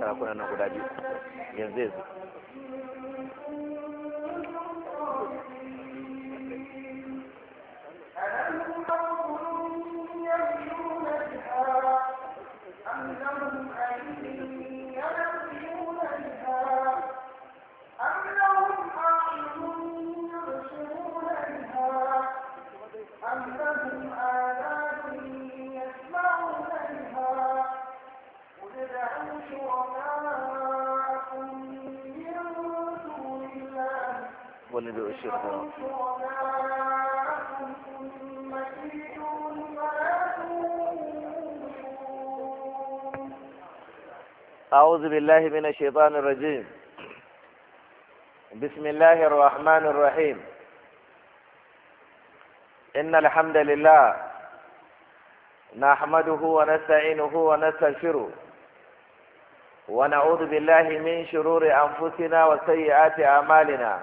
sarakuna na أعوذ بالله من الشيطان الرجيم بسم الله الرحمن الرحيم إن الحمد لله نحمده ونستعينه ونستغفره ونعوذ بالله من شرور أنفسنا وسيئات أعمالنا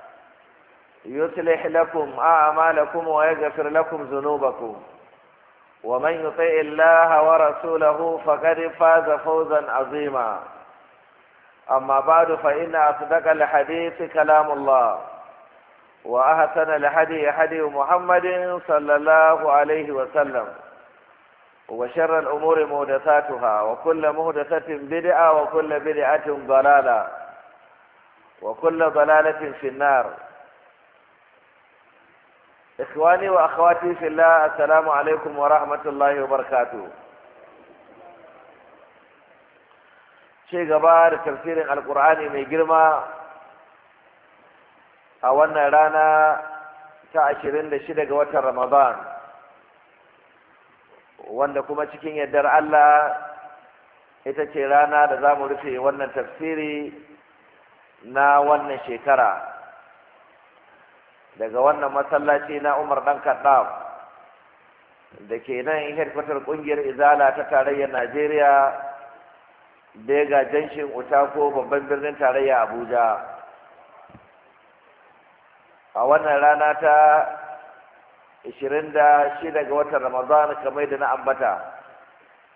يصلح لكم أعمالكم ويغفر لكم ذنوبكم ومن يطع الله ورسوله فقد فاز فوزا عظيما أما بعد فإن أصدق الحديث كلام الله وأحسن الحدي حدي محمد صلى الله عليه وسلم وشر الأمور مهدثاتها وكل مهدثة بدعة وكل بدعة ضلالة وكل ضلالة في النار ikhwani wa akhawati fillah assalamu alaikum wa rahmatullahi wa barakatu ce gaba da tafsirin alkur'ani mai girma a wannan rana ta ashirin da shida ga watan ramadan wanda kuma cikin yardar allah ita ce rana da za mu rufe wannan tafsiri na wannan shekara daga wannan masallaci na Umar dan Kaddam da ke nan headquarter kungiyar Izala ta tarayyar Najeriya ga Janshin Utako babban birnin tarayya Abuja a wannan rana ta 26 ga watan Ramadan kamar da na ambata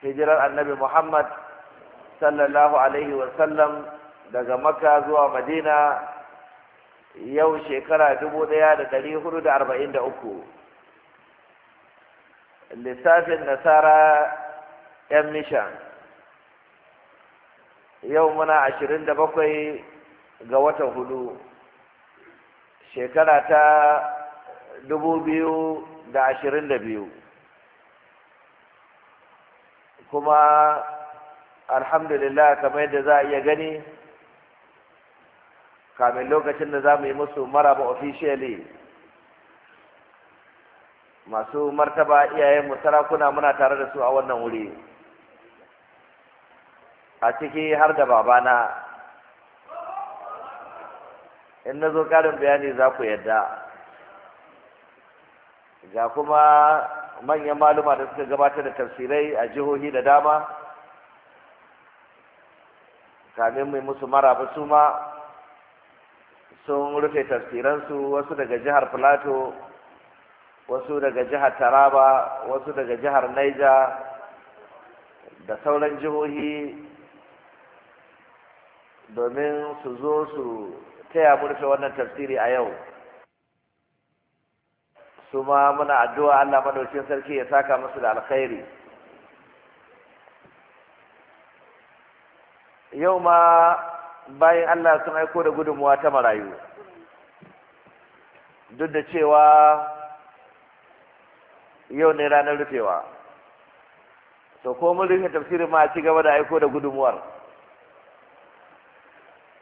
hijirar Annabi Muhammad sallallahu alaihi wa sallam, daga Makka zuwa Madina yau shekara dubu ɗaya da dari hudu da arba'in da uku lissafin nasara yan mishan yau muna ashirin da bakwai ga watan hudu shekara ta dubu biyu da ashirin da biyu kuma alhamdulillah kamar yadda za a iya gani kamin lokacin da za mu yi musu maraba officially masu martaba iyayenmu sarakuna muna tare da su a wannan wuri a ciki har da babana in na zo ƙarin bayani za ku yadda ga kuma manyan maluma da suka gabatar da tafsirai a jihohi da dama kamin mai musu maraba su ma sun rufe tafsiransu wasu daga jihar plato wasu daga jihar taraba wasu daga jihar naija da sauran jihohi domin su zo su taya murfe wannan tafsiri a yau su ma muna addu'a allah madaukin sarki ya saka musu da alkhairi yau ma bayan Allah sun aiko da gudunmuwa ta marayu duk da cewa yau ne ranar rufewa to ko mun rufe tafsirin ma ci gaba da aiko da gudunmuwar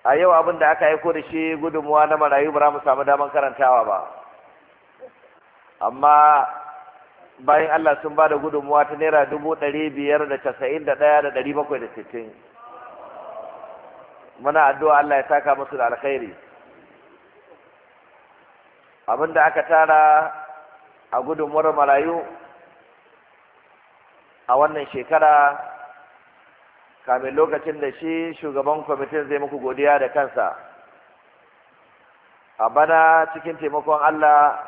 a yau abin da aka aiko da shi gudunmuwa na marayu ba mu samu daman karantawa ba amma bayan Allah sun ba da gudunmuwa ta naira dubu ɗari biyar da casa'in da ɗaya da ɗari bakwai da sittin muna addu'a Allah ya saka musu da alkhairi abinda aka tara a gudunmuwar marayu a wannan shekara kamin lokacin da shi shugaban kwamitin zai muku godiya da kansa a bana cikin taimakon Allah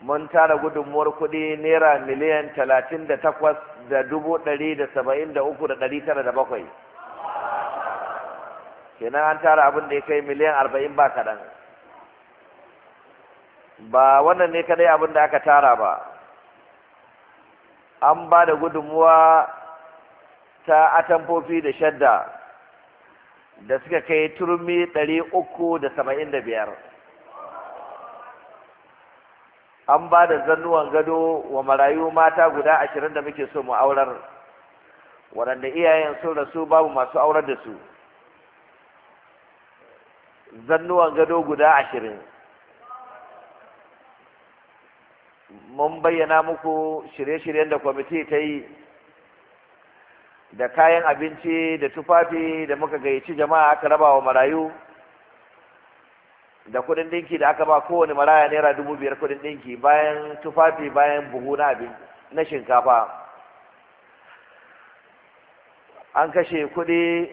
mun tara gudunmuwar kuɗi naira miliyan talatin da takwas da dubu ɗari da saba'in da uku da ɗari tara da bakwai kenan an tara abin da ya kai miliyan arba'in ba kaɗan ba wannan ne kadai abin da aka tara ba an ba da gudunmuwa ta atamfofi da shadda da suka kai turmi ɗari uku da saba'in da biyar an ba da zannuwan gado wa marayu mata guda ashirin da muke so mu aurar waɗanda iyayen sun rasu babu masu aurar da su zannuwan gado guda ashirin mun bayyana muku shirye-shiryen da kwamiti ta yi da kayan abinci da tufafi da muka gayyaci jama'a aka raba wa marayu da kudin dinki da aka ba kowane maraya naira dubu biyar kudin dinki bayan tufafi bayan buhu na na shinkafa an kashe kudi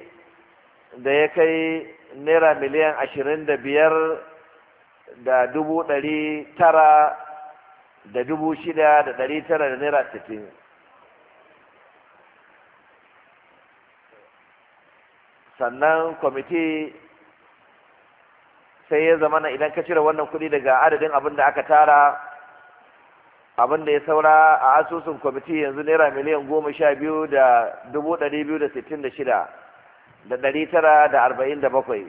da ya kai naira miliyan ashirin da biyar da dubu ɗari tara da dubu shida da ɗari tara da naira sittin sannan kwamiti sai ya zama na idan ka cire wannan kuɗi daga adadin abin da aka tara abin da ya saura a asusun kwamiti yanzu naira miliyan goma sha biyu da dubu ɗari biyu da sittin da shida da ɗari tara da arba'in da bakwai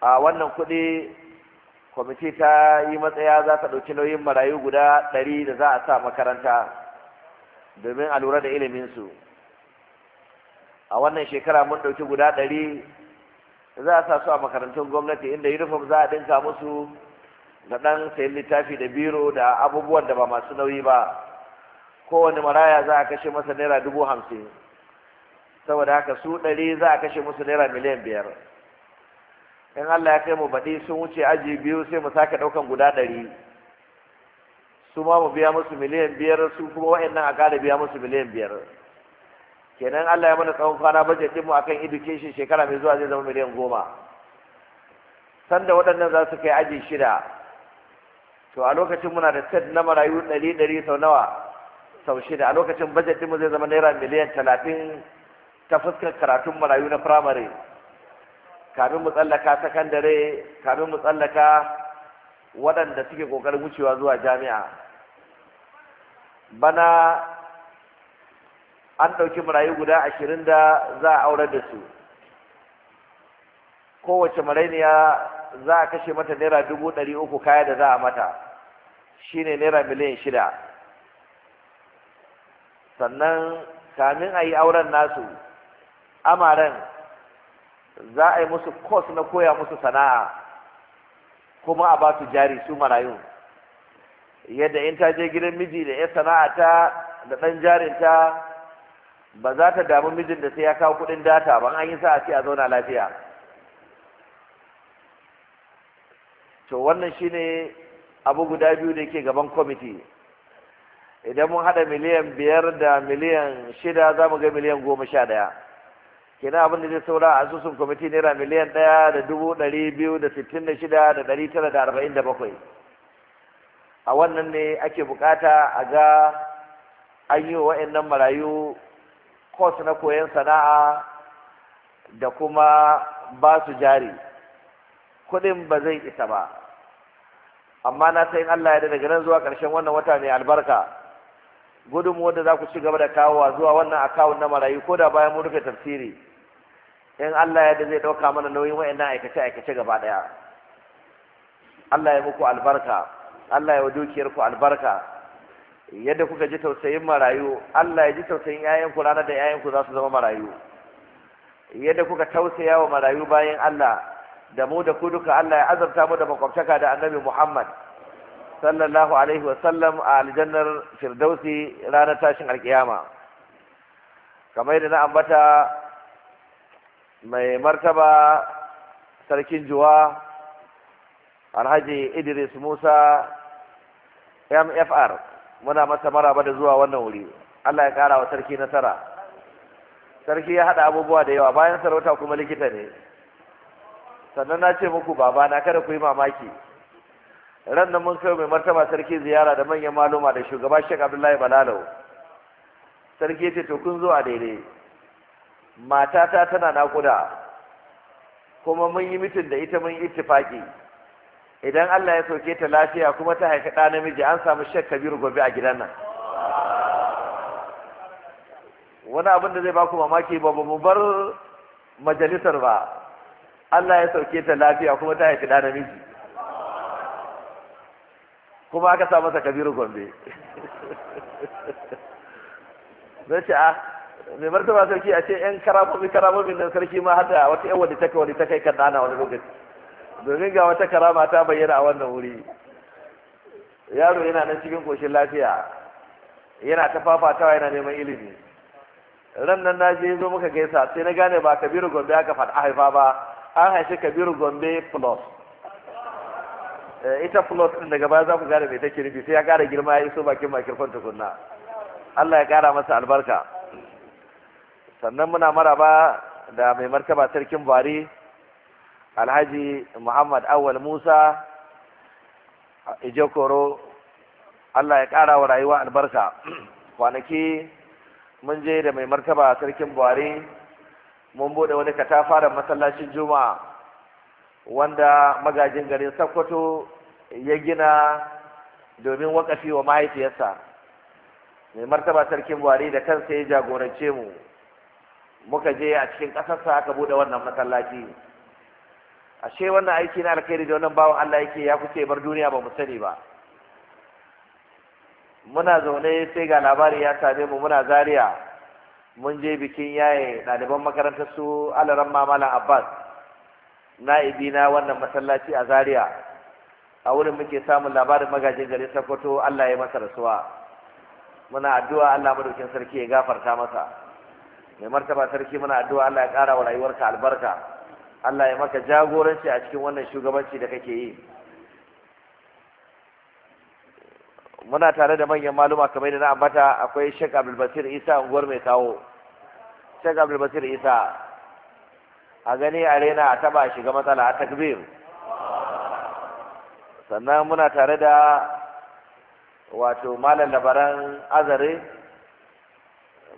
a wannan kuɗi kwamiti ta yi matsaya za ta ɗauki nauyin marayu guda ɗari da za a sa makaranta domin a lura da iliminsu a wannan shekara mun ɗauki guda ɗari za a sa su a makarantun gwamnati inda uniform za a ɗinka musu da ɗan sayan littafi da biro da abubuwan da ba masu nauyi ba kowane maraya za a kashe masa naira dubu hamsin saboda haka su ɗari za a kashe musu naira miliyan biyar in Allah ya kai mu baɗi sun wuce aji biyu sai mu sake ɗaukan guda ɗari su ma mu biya musu miliyan biyar su kuma wa'annan a ƙara biya musu miliyan biyar kenan Allah ya mana tsawon kwana bajet ɗinmu kan education shekara mai zuwa zai zama miliyan goma sanda waɗannan za su kai aji shida to a lokacin muna da set na marayu ɗari ɗari sau nawa sau shida a lokacin bajet ɗinmu zai zama naira miliyan talatin ta fuskar karatun marayu na firamare kafin mu tsallaka sakandare kafin mu tsallaka waɗanda suke ƙoƙarin wucewa zuwa jami'a bana an ɗauki marayu guda ashirin da za a aurar da su kowace marainiya za a kashe mata naira dubu ɗari uku kaya da za a mata shine naira miliyan shida sannan kamin a yi auren nasu amaren za a yi musu kos na koya musu sana'a kuma a ba su jari su marayu yadda in ta je gidan miji da ya sana'a ta da ɗan jarinta ba za ta damu mijin da sai ya kawo kuɗin data ba an yi sa'a ce a zauna lafiya to wannan shine abu guda biyu da yake gaban kwamiti idan mun haɗa miliyan biyar da miliyan shida za mu ga miliyan goma sha ɗaya kenan abin da zai saura a asusun kwamiti naira miliyan ɗaya da dubu ɗari biyu da sittin da shida da ɗari tara da arba'in da bakwai a wannan ne ake bukata a ga an yi wa nan marayu kos na koyon sana'a da kuma ba su jari kuɗin ba zai isa ba amma na sayin Allah ya daga nan zuwa ƙarshen wannan wata mai albarka gudunmu wanda za ku ci gaba da kawowa zuwa wannan akawun na marayu ko da bayan mun rufe tafsiri in Allah ya da zai ɗauka mana nauyin wa'annan aikace aikace gaba ɗaya Allah ya muku albarka Allah ya wa dukiyarku albarka yadda kuka ji tausayin marayu Allah ya ji tausayin yayanku ranar da yayanku za su zama marayu yadda kuka tausaya wa marayu bayan Allah da mu da ku duka Allah ya azabta mu da makwabtaka da annabi Muhammad sallallahu alaihi wa sallam a aljannar firdausi ranar tashin alkiyama kamar yadda na ambata mai martaba sarkin juwa alhaji idris musa mfr muna masa maraba da zuwa wannan wuri allah ya kara wa sarki nasara sarki ya haɗa abubuwa da yawa bayan sarauta kuma likita ne sannan na ce muku babana kada ku yi mamaki ran nan mun kai mai martaba sarki ziyara da manyan maluma da shugaba shek abdullahi balalau sarki ya ce to kun zo a daidai matata tana naƙuda kuma mun yi mitin da ita mun yi ittifaki idan Allah ya soke ta lafiya kuma ta haifi ɗa namiji an samu shek kabiru gobe a gidan nan wani abin da zai ba ku mamaki ba mu bar majalisar ba Allah ya sauke ta lafiya kuma ta haifi ɗa namiji kuma aka sa masa kabiru gombe zai ce a ah, mai martaba sarki a ce yan karamomi karamomin nan sarki ma a wata yan wadda take wadda ta kai kan dana wani lokaci domin ga wata karama ta bayyana a wannan wuri yaro yana nan cikin koshin lafiya yana ta fafatawa yana neman ilimi ran nan na je zo muka gaisa sai na gane ba kabiru gombe aka a haifa ba an haifi kabiru gombe plus eh, ita plus ɗin daga baya za ku gane mai take nufi sai ya ƙara girma ya iso bakin makirfan tukunna Allah ya ƙara masa albarka sannan muna maraba da mai martaba sarkin bari alhaji muhammad awal musa ijekoro allah ya ƙara wa rayuwa albarka kwanaki mun je da mai martaba sarkin buhari mun bude wani katafaren masallacin juma'a wanda magajin garin sakkwato ya gina domin wakafi wa mahaifiyarsa mai martaba sarkin buhari da kansa ya jagorance mu muka je a cikin ƙasarsa aka buɗe wannan masallaci ashe wannan aiki na alkhairi da wannan bawan Allah yake ya kuce bar duniya ba mu sani ba muna zaune sai ga labari ya same mu muna zaria mun je bikin yaye ɗaliban makarantar su alaran mamalan abbas na'ibi na wannan masallaci a zaria a wurin muke samun labarin magajin garin sokoto allah ya masa rasuwa muna addu'a allah madaukin sarki ya gafarta masa mai martaba sarki muna addu'a Allah ya ƙara wa rayuwarka albarka Allah ya maka jagoranci a cikin wannan shugabanci da kake yi muna tare da manyan maluma kamar da na ambata akwai Sheikh Abdul Basir Isa unguwar mai kawo Sheikh Abdul Basir Isa a gani a rena a taba shiga matsala a takbir sannan muna tare da wato malam labaran azare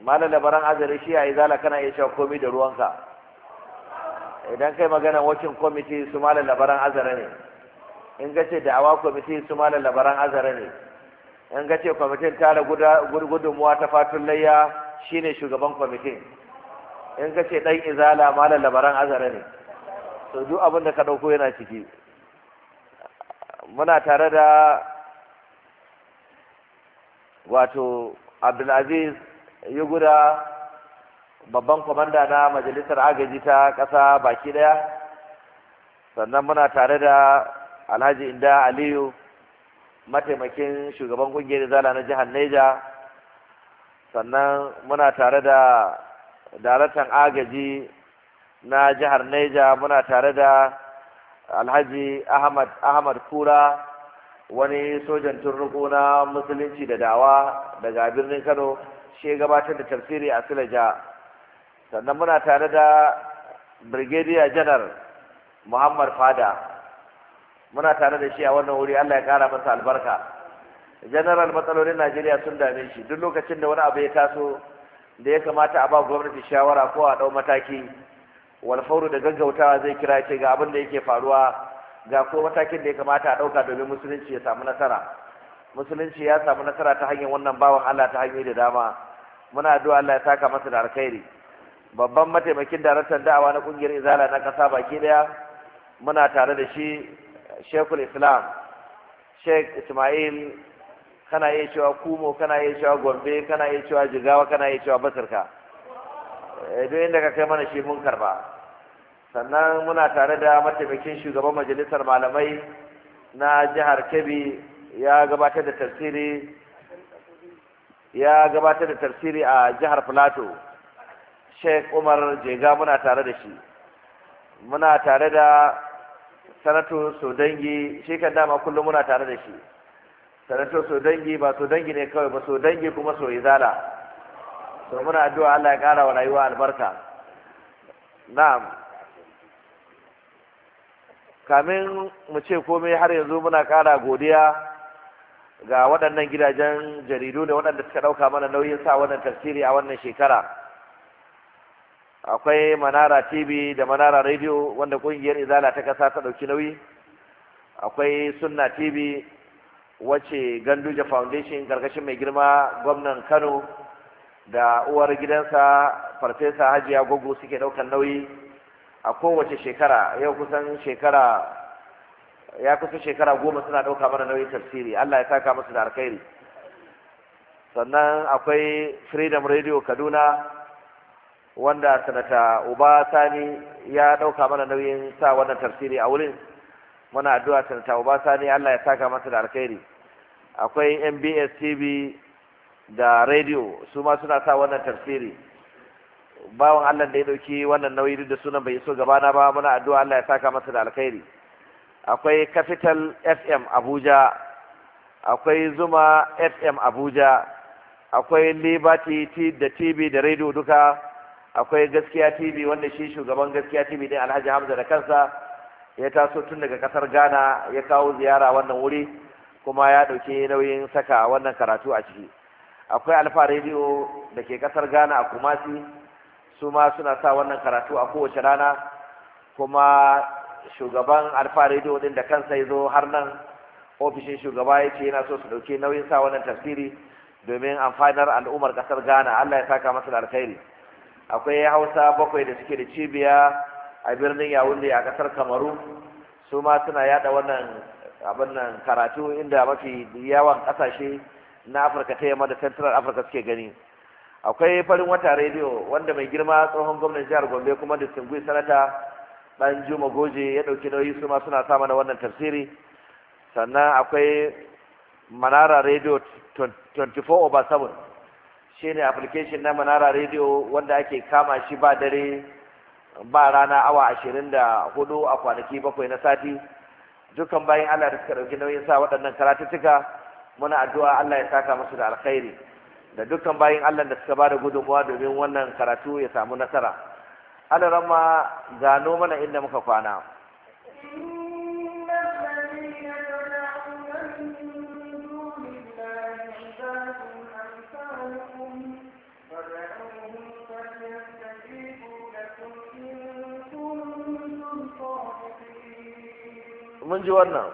malam labaran azare shi a izala kana iya shan komai da ruwanka idan kai magana wacin kwamiti su malam labaran azare ne in ga ce da'awa kwamiti su malam labaran azare ne in ga ce kwamitin tara gudunmuwa ta fatun layya shine shugaban kwamitin in ka ce ɗan izala malam labaran azara ne to duk abin da ka ɗauko yana ciki muna tare da wato abdulaziz yuguda babban kwamanda na majalisar agaji ta ƙasa baki ɗaya sannan muna tare da alhaji inda aliyu mataimakin shugaban ƙungiyar zala na jihar neja sannan muna tare da daraktan agaji na jihar neja muna tare da alhaji ahmad ahmad kura wani sojan turnuku na musulunci da dawa daga birnin kano shi gabatar da tafsiri a silaja sannan muna tare da brigadier janar muhammad fada muna tare da shi a wannan wuri allah ya kara masa albarka general matsalolin najeriya sun dame shi duk lokacin da wani abu ya taso da ya kamata a ba gwamnati shawara ko a ɗau mataki walfauru da gaggautawa zai kira ce ga abin da yake faruwa ga ko matakin da ya kamata a ɗauka domin musulunci ya samu nasara musulunci ya samu nasara ta hanyar wannan bawan Allah ta hanyoyi da dama muna addu'a Allah ya saka masa da alkhairi babban mataimakin daraktan da'awa na kungiyar izala na kasa baki daya muna tare da shi shekul islam sheikh ismail kana iya cewa kumo kana iya cewa gombe kana iya cewa jigawa kana iya cewa basirka eh, duk inda ka kai mana shi mun karba sannan muna tare da mataimakin shugaban majalisar malamai na jihar kebbi ya gabatar da tafsiri ya gabatar da tafsiri a jihar Filato. sheikh umar jega muna tare da shi muna tare da sanato sodangi shi kan dama kullum muna tare da shi sanato sodangi ba sodangi ne kawai ba sodangi kuma soyizala So muna addu'a Allah ya kara wa rayuwa albarka na'am kamin mu ce komai har yanzu muna kara godiya ga waɗannan gidajen jaridu ne waɗanda suka ɗauka mana nauyin sa wannan tafsiri a wannan shekara akwai manara tv da manara radio wanda ƙungiyar izala ta kasa ta ɗauki nauyi akwai sunna tv wacce ganduja foundation karkashin mai girma gwamnan kano da uwar gidansa farfesa hajiya gogo suke ɗaukar nauyi a kowace shekara yau kusan shekara ya kusa shekara goma suna ɗauka mana nauyin tafsiri Allah ya saka musu da alkhairi sannan akwai freedom radio kaduna wanda sanata uba sani ya ɗauka mana nauyin sa wannan tafsiri a wurin muna addu'a sanata uba sani Allah ya saka musu da alkhairi akwai mbs tv da radio su ma suna sa wannan tafsiri bawan Allah da ya ɗauki wannan nauyi duk da sunan bai iso gabana ba muna addu'a Allah ya saka masa da alkhairi akwai capital fm abuja akwai zuma fm abuja akwai liberty da tv da radio duka akwai gaskiya tv wanda shi shugaban gaskiya tv din alhaji hamza da kansa ya taso tun daga kasar ghana ya kawo ziyara wannan wuri kuma ya ɗauki nauyin saka wannan karatu a ciki akwai alfa radio da ke kasar ghana a kumasi su ma suna sa wannan karatu a kowace rana kuma shugaban alfa rediyo din da kansa ya zo har nan ofishin shugaba ya ce yana so su dauke nauyin sa wannan tafsiri domin amfanar al'ummar kasar ghana allah ya saka masa da alkhairi akwai hausa bakwai da suke da cibiya a birnin yawunde a kasar kamaru su ma suna yada wannan abin nan karatu inda mafi yawan ƙasashe na afirka ta yamma da central africa suke gani akwai farin wata rediyo wanda mai girma tsohon gwamnan jihar gombe kuma distinguished sanata dan juma goje ya dauki nauyi su ma suna sa mana wannan tafsiri sannan akwai manara radio 24 over 7 shine application na manara radio wanda ake kama shi ba dare ba rana awa 24 a kwanaki bakwai na sati dukan bayan Allah da suka dauki nauyin sa waɗannan karatuttuka muna addu'a Allah ya saka musu da alkhairi da dukkan bayan Allah da suka bada gudunmuwa domin wannan karatu ya samu nasara halaran ma gano mana inda muka kwana mun ji wannan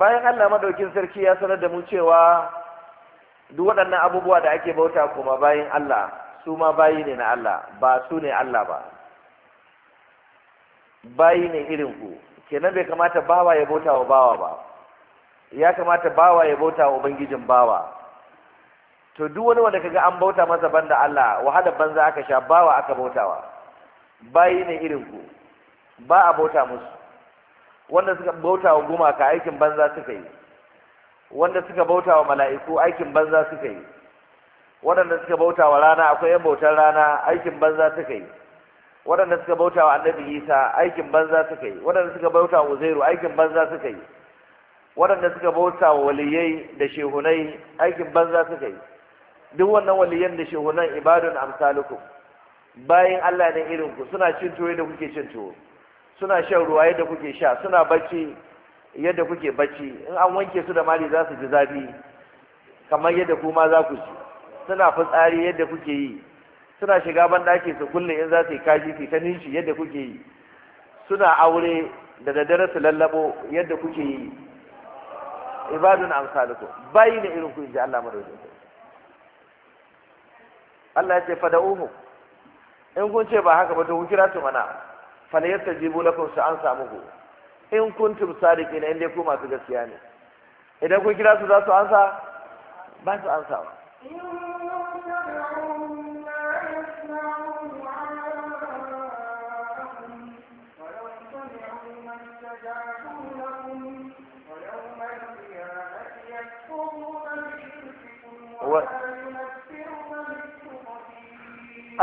bayan Allah madaukin sarki ya sanar da mu cewa duk waɗannan abubuwa da ake bauta kuma bayan Allah su ma bayi ne na Allah ba su ne Allah ba bayi ne irin ku kenan bai kamata bawa ya bauta wa bawa ba ya kamata bawa ya bauta wa ubangijin bawa to duk wani wanda kaga an bauta masa banda Allah wahalar banza aka sha bawa aka bautawa bayi ne irin ku ba a bauta musu wanda suka bauta wa gumaka aikin banza suka yi wanda suka bauta wa mala'iku aikin banza suka yi waɗanda suka bauta wa rana akwai yan bautar rana aikin banza suka yi waɗanda suka bauta wa annabi isa aikin banza suka yi waɗanda suka bauta wa uzairu aikin banza suka yi waɗanda suka bauta wa waliyai da shehunai aikin banza suka yi duk wannan waliyan da shehunan ibadun amsalukum bayin Allah ne irin ku suna cin tuwo yadda kuke cin tuwo suna shan ruwa yadda kuke sha suna bacci yadda kuke bacci in an wanke su da mali za su ji zafi kamar yadda ku ma za ku ci suna fitsari yadda kuke yi suna shiga banɗaki su kulle in za su yi kaji su ta nishi yadda kuke yi suna aure da daddare su lallabo yadda kuke yi ibadun amsalukum bayi ne irin ku inji Allah madaukakin Allah ya ce fada'uhu in kun ce ba haka ba to ku kira su mana fal jibu lakum su an samu ku in kuntum sadiki in inda ku masu gaskiya ne idan kun kira su za su ansa ba su ba.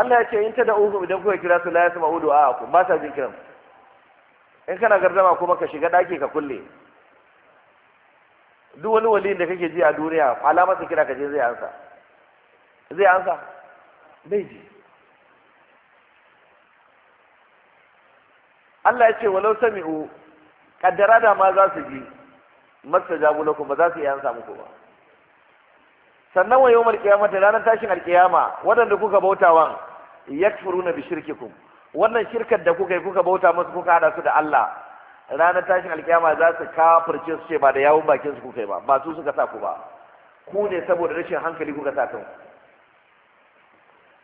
Allah ya ce in ta da uku idan kuka kira su la ya sama udu a ku ba sa jin kiran in kana gardama kuma ka shiga daki ka kulle duk wani wali da kake ji a duniya alama su kira ka je zai ansa zai ansa bai ji Allah ya ce walau sami'u kaddara da ma za su ji masta jabu lakum ba za su iya ansa muku ba sannan wa yawmal qiyamati ranar tashin alqiyama waɗanda kuka bautawan yakfuruna bi shirkikum wannan shirkar da kuka yi kuka bauta musu kuka hada su da Allah ranar tashin alkiyama za su kafirce su ce ba da yawun bakin su kuka yi ba ba su suka sa ku ba ku ne saboda rashin hankali kuka sa kan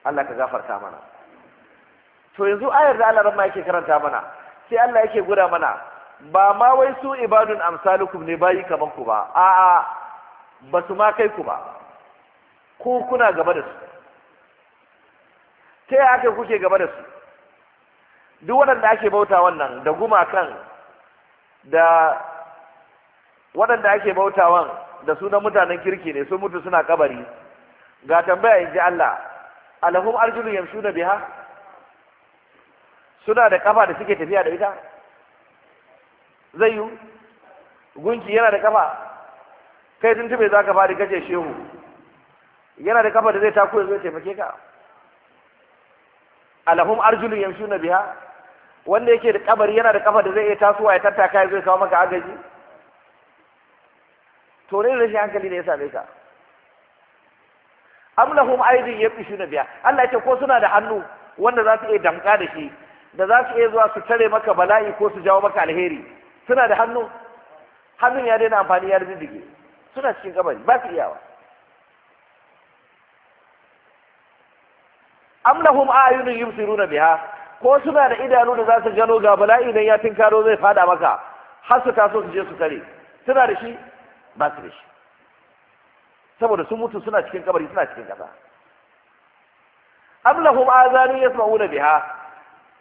Allah ka gafarta mana to yanzu ayar da Allah ma yake karanta mana sai Allah yake gura mana ba ma wai su ibadun amsalukum ne bayi kaman ku ba a'a ba su ma kai ku ba ku kuna gaba da su ta yaya kuke gaba da su duk waɗanda ake bauta wannan da gumakan da waɗanda ake bautawan da sunan mutanen kirki ne sun mutu suna kabari ga tambaya in ji Allah alahum arjulu yamshuna biha suna da kafa da suke tafiya da ita zai yi gunki yana da kafa kai tun tube za ka fadi kace shehu yana da kafa da zai tako ya zo taimake ka alahum arjulun yamshuna biha wanda yake da kabari yana da kafa da zai iya tasowa ya tattaka ya zo kawo maka agaji to ne rashin hankali ne ya same ka am lahum aydin yamshuna biha Allah yake ko suna da hannu wanda za su iya damka da shi da za su iya zuwa su tare maka bala'i ko su jawo maka alheri suna da hannu hannun ya daina amfani ya riddige suna cikin kabari ba su iyawa am lahum ayunun yubsiruna biha ko suna da idanu da za su gano ga bala'i idan ya tinkaro zai fada maka har su taso su je su kare suna da shi ba su da shi saboda sun mutu suna cikin kabari suna cikin kasa am lahum azanun yasma'una biha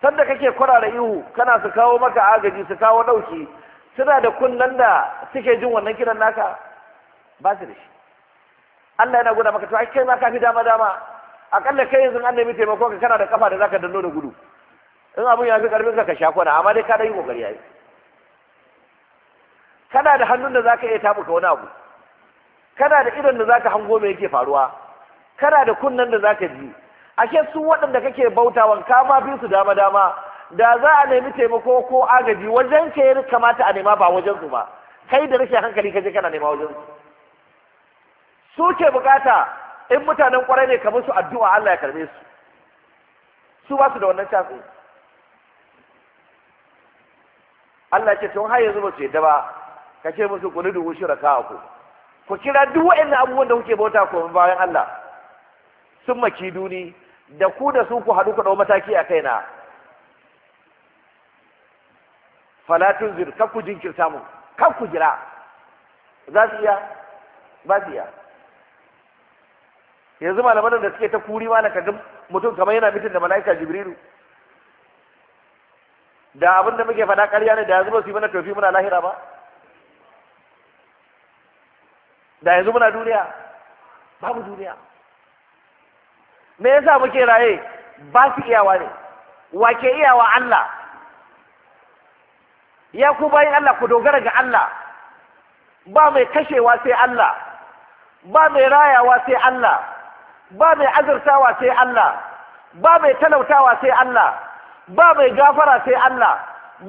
sanda kake da ihu kana su kawo maka agaji su kawo dauki suna da kunnan da suke jin wannan kiran naka ba su da shi Allah yana gwada maka to ai kai ma ka fi dama dama akalla kai yanzu an nemi taimako ka kana da kafa da zaka dallo da gudu in abun ya fi karfin ka ka sha kwana amma dai ka dai kokari yayi kana da hannun da zaka iya tabuka wani abu kana da idon da zaka hango me yake faruwa kana da kunnan da zaka ji ashe su waɗanda kake bautawan ka ma bi su dama dama da za a nemi taimako ko agaji wajen ka yi kamata a nema ba wajen su ba kai da rashin hankali kaje kana nema wajen su su ke bukata in mutanen kwarai ne kamar su addu'a Allah ya karbe su su ba su da wannan tafi Allah ce tun har zuwa ce su yadda ka ce musu kuni dubu da ku ku kira duk waɗannan abubuwan da kuke bauta ku bayan Allah sun maki duni da ku da su ku haɗu ku ɗau mataki a kaina falatun zir kakku ku jinkirta mu kar ku jira za su iya ba su iya yanzu malaman da suke ta kuri ma na ga mutum kamar yana mitin da mala'ika jibrilu da abin da muke fada ƙarya ne da yanzu ba su yi mana tofi muna lahira ba da yanzu muna duniya babu duniya me yasa muke raye ba su iyawa ne wa ke iyawa Allah ya ku bayan Allah ku dogara ga Allah ba mai kashewa sai Allah ba mai rayawa sai Allah ba mai azurtawa sai Allah ba mai talautawa sai Allah ba mai gafara sai Allah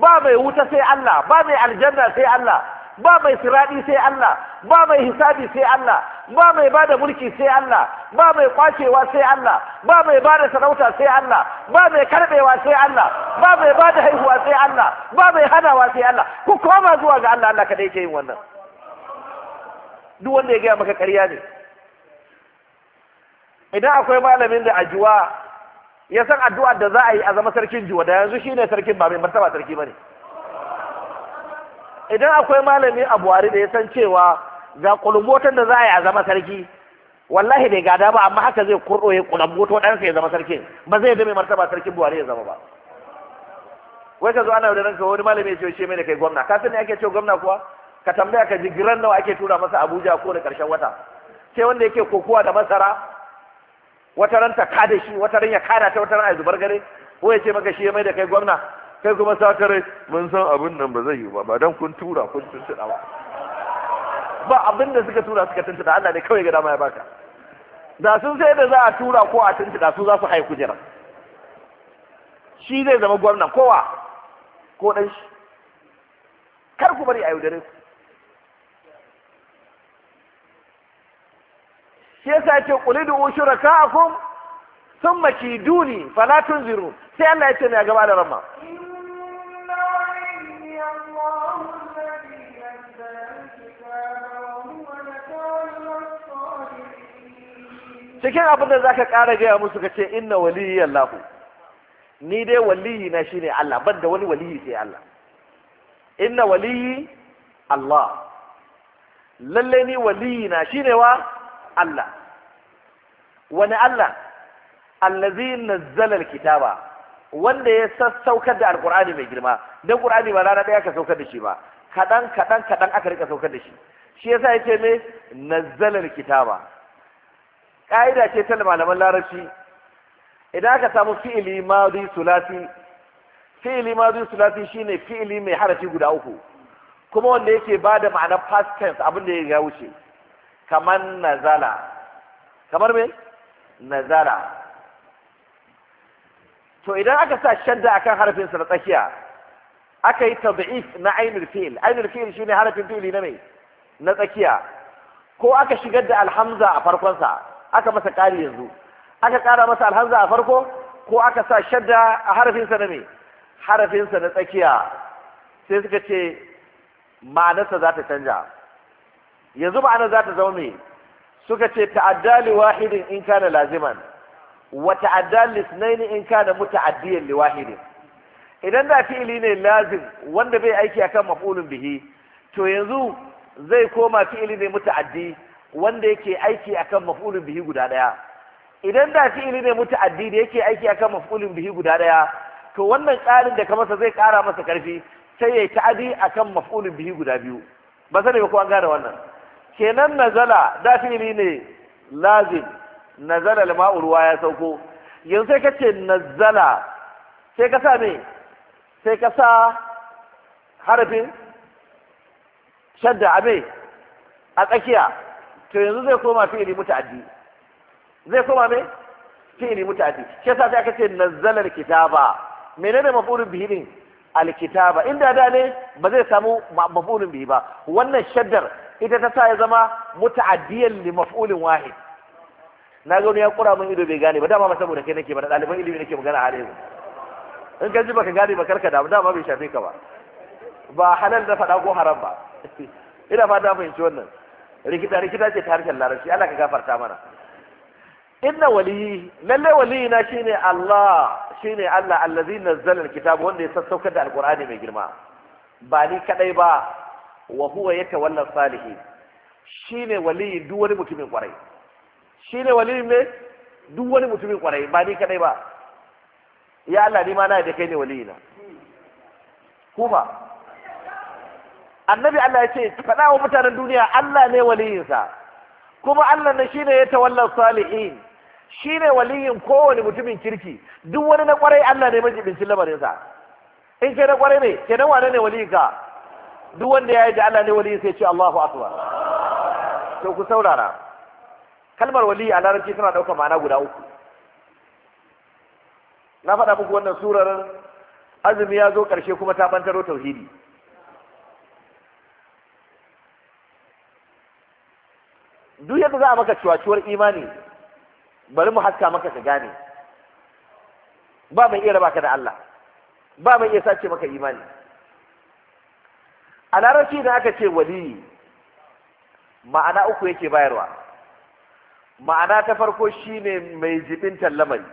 ba mai wuta sai Allah ba mai aljanna sai Allah ba mai siradi sai Allah ba mai hisabi sai Allah ba mai bada mulki sai Allah ba mai kwacewa sai Allah ba mai bada sarauta sai Allah ba mai karbewa sai Allah ba mai bada haihuwa sai Allah ba mai hanawa sai Allah ku koma zuwa ga Allah Allah kaɗai ke yin wannan duk wanda ya gaya maka ƙarya ne idan akwai malamin da ajuwa ya san addu'ar da za a yi a zama sarkin juwa da yanzu shine sarkin ba mai martaba sarki bane idan akwai malami a buhari da ya san cewa ga kulumbotan da za a yi a zama sarki wallahi bai gada ba amma haka zai kurɗo ya kulumboto ɗansa ya zama sarkin ba zai da mai martaba sarkin buhari ya zama ba wai ka zo ana da ranka wani malami ya ce shi mai da kai gwamna ka sani ake ce gwamna kuwa ka tambaya ka ji giran nawa ake tura masa abuja ko da ƙarshen wata sai wanda yake kokowa da masara wata ran ta kada shi wata ran ya kada ta wata ran ai zubar gare ko ya ce maka shi ya mai da kai gwamna kai kuma sakare mun san abin nan ba zai yi ba ba dan kun tura kun tuntuɗa ba ba abin da suka tura suka tuntuɗa Allah ne kawai ga dama ya baka da sun sai da za a tura ko a tuntuɗa su za su haihu kujera shi zai zama gwamna kowa ko dan shi kar ku bari a yaudare ku shi yasa ce qul du'u shuraka'akum thumma kiduni fala tunziru sai Allah ya ce mai gaba da rama cikin abin da zaka ƙara gaya musu ka ce inna waliyyi Allah ni dai waliyyi na shine Allah ban da wani waliyyi sai Allah inna waliyyi Allah lalle ni waliyyi na shine wa Allah wani Allah allazi nazzala alkitaba wanda ya sassaukar da alqur'ani mai girma dan qur'ani ba rana daya ka saukar da shi ba kadan kadan kadan aka rika saukar da shi shi yasa yace me nazzala alkitaba kaida ce ta malaman larabci idan aka samu fi'ili madi sulasi fi'ili madi sulasi shine fi'ili mai harafi guda uku kuma wanda yake bada ma'anar past tense abin da ya wuce kamar nazala kamar me nazala to idan aka sa shadda akan harafin sa na tsakiya aka yi tab'if na ainul fi'il ainul fi'il shine harafin fi'ili na me na tsakiya ko aka shigar da alhamza a farkon sa aka masa ƙari yanzu aka ƙara masa alhamza a farko ko aka sa shadda a harafin sa na me harafin sa na tsakiya sai suka ce ma'anarsa za ta canja yanzu ma'ana za ta zama mai suka ce ta'addali wahidin in kana laziman wa ta'adda li in kana muta'addiyan li wahidin idan da fi'ili ne lazim wanda bai aiki akan maf'ulun bihi to yanzu zai koma fi'ili ne muta'addi wanda yake aiki akan maf'ulun bihi guda daya idan da fi'ili ne muta'addi da yake aiki akan maf'ulun bihi guda daya to wannan tsarin da ka masa zai kara masa karfi sai ya yi ta'adi akan maf'ulun bihi guda biyu ba sani ba ko an gane wannan kenan nazala da fi'ili ne lazim nazala al ruwa ya sauko yanzu sai kace nazala sai ka sa me sai ka sa harafin shadda a me a tsakiya to yanzu zai koma fi'ili muta'addi zai koma me fi'ili muta'addi shi yasa sai aka ce nazala kitaba menene mafulun bihi din alkitaba inda da ne ba zai samu mafulun bihi ba wannan shaddar ita ta sa ya zama muta'addiyan li maf'ulin wahid na ga wani ya kura mun ido bai gane ba dama ba saboda kai nake ba da ɗaliban ilimi nake magana a halin in ka ji baka gane ba karka ba dama bai shafe ka ba ba halal da faɗa ko haram ba ina fata fahimci wannan rikita rikita ce ta harshen larabci Allah ka gafarta mana inna waliyi lalle waliyi na shine Allah shine Allah allazi nazzala alkitab wanda ya sassauka da alqur'ani mai girma ba ni kadai ba wa huwa wannan salihin shine waliyi duk wani mutumin kwarai shine waliyi ne duk wani mutumin kwarai ba ni kadai ba ya Allah ni ma na da kai ne waliyina kuma annabi Allah ya ce faɗa wa mutanen duniya Allah ne waliyinsa kuma Allah ne shine ya tawalla salihin shine waliyin kowane mutumin kirki duk wani na kwarai Allah ne majibincin lamarinsa in kai na kwarai ne kenan wane ne waliyinka duk wanda ya yi da Allah ne wali sai ce Allahu akbar to ku saurara kalmar wali a larabci tana ɗaukar ma'ana guda uku na faɗa muku wannan surar azumi ya zo ƙarshe kuma ta bantaro tauhidi duk yadda za a maka cuwacuwar imani bari mu haska maka ka gane ba mai iya raba ka da Allah ba mai iya sace maka imani a larabci da aka ce waliyi ma'ana uku yake bayarwa ma'ana ta farko shine mai jibin lamari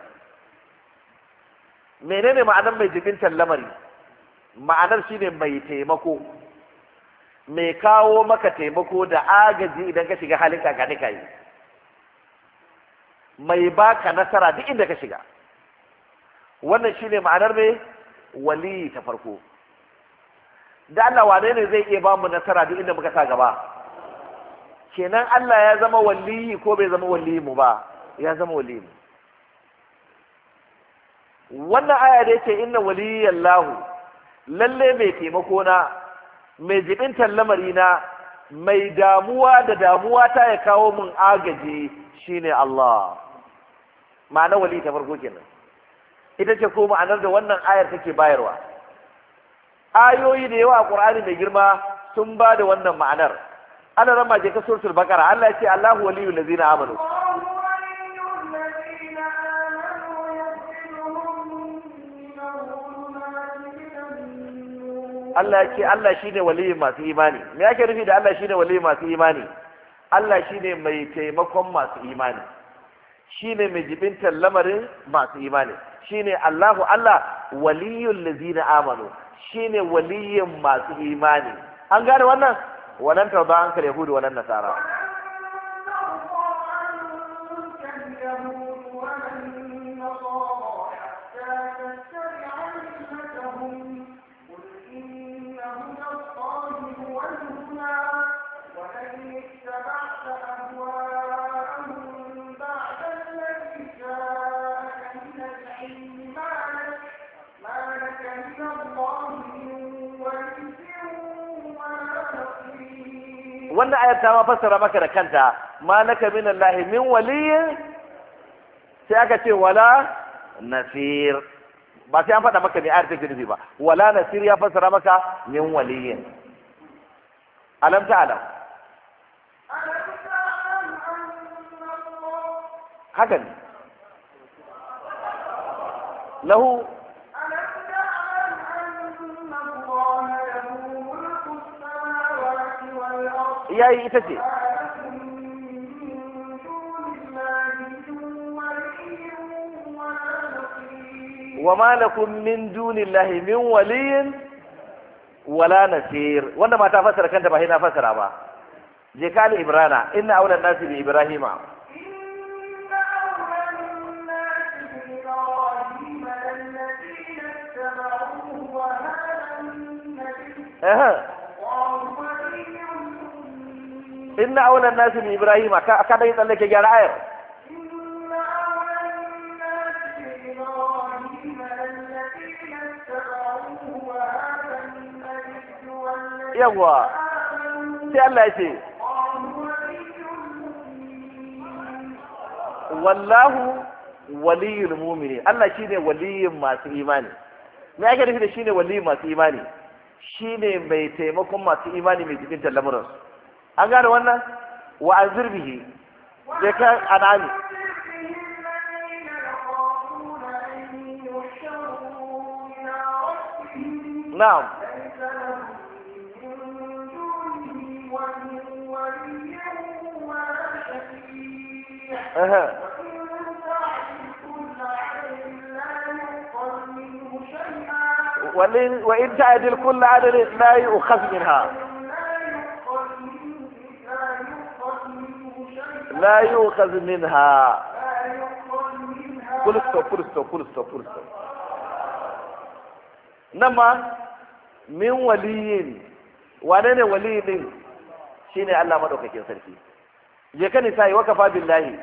menene ma'anar mai jibin lamari ma'anar shine mai taimako mai kawo maka taimako da agaji idan ka shiga halin ka yi mai baka nasara duk inda ka shiga wannan shine ma'anar mai Wali ta farko da Allah wane ne zai iya ba mu nasara duk inda muka sa gaba kenan Allah ya zama waliyi ko bai zama waliyi mu ba ya zama waliyi mu wannan aya da yake inna waliyallahu lalle mai taimako na mai jibintar lamari na mai damuwa da damuwa ta ya kawo mun agaji shine Allah ma'ana wali ta farko kenan ita ce ko ma'anar da wannan ayar take bayarwa ayoyi da yawa a Qur'ani mai girma sun ba da wannan ma'anar ana rama je ka suratul baqara Allah ya ce Allahu waliyul ladina amanu Allah ya ce Allah shine waliyin masu imani me yake nufi da Allah shine waliyin masu imani Allah shine mai taimakon masu imani shine mai jibinta lamarin masu imani shine Allahu Allah waliyul ladina amanu Shi ne waliyin masu imani an gane wannan Wannan tarda an kal yahudu wannan nasara wannan ayar ta ma fassara maka da kanta malaka min Allah min waliyin sai aka ce wala nasir ba sai an faɗa maka ne ayar take nufi ba wala nasir ya fassara maka min waliyin alam ta alam haka ne lahu يأي إفتي وما لكم من دون الله من ولي ولا نصير وانا ما تفسر كنت ما هنا فسر أبا جي قال إبرانا إن أولى الناس بإبراهيم Uh-huh. inna aulan nasi bi ibrahim ka ka dai tsallake gyara ayar yawa sai Allah ya ce wallahu waliyul mu'minin Allah shine waliyin masu imani me ake nufi da shine waliyin masu imani shine mai taimakon masu imani mai jikin lamuransu an gane wannan wa an zirbihi zai kai an'ami na'am Uh-huh. وإن تعدل كل عدد لا يؤخذ منها la yu'khaz minha kulsto kulsto kulsto kulsto nama min waliyin wane ne waliyin din Allah madaukakin sarki je ka nisa yi wakafa billahi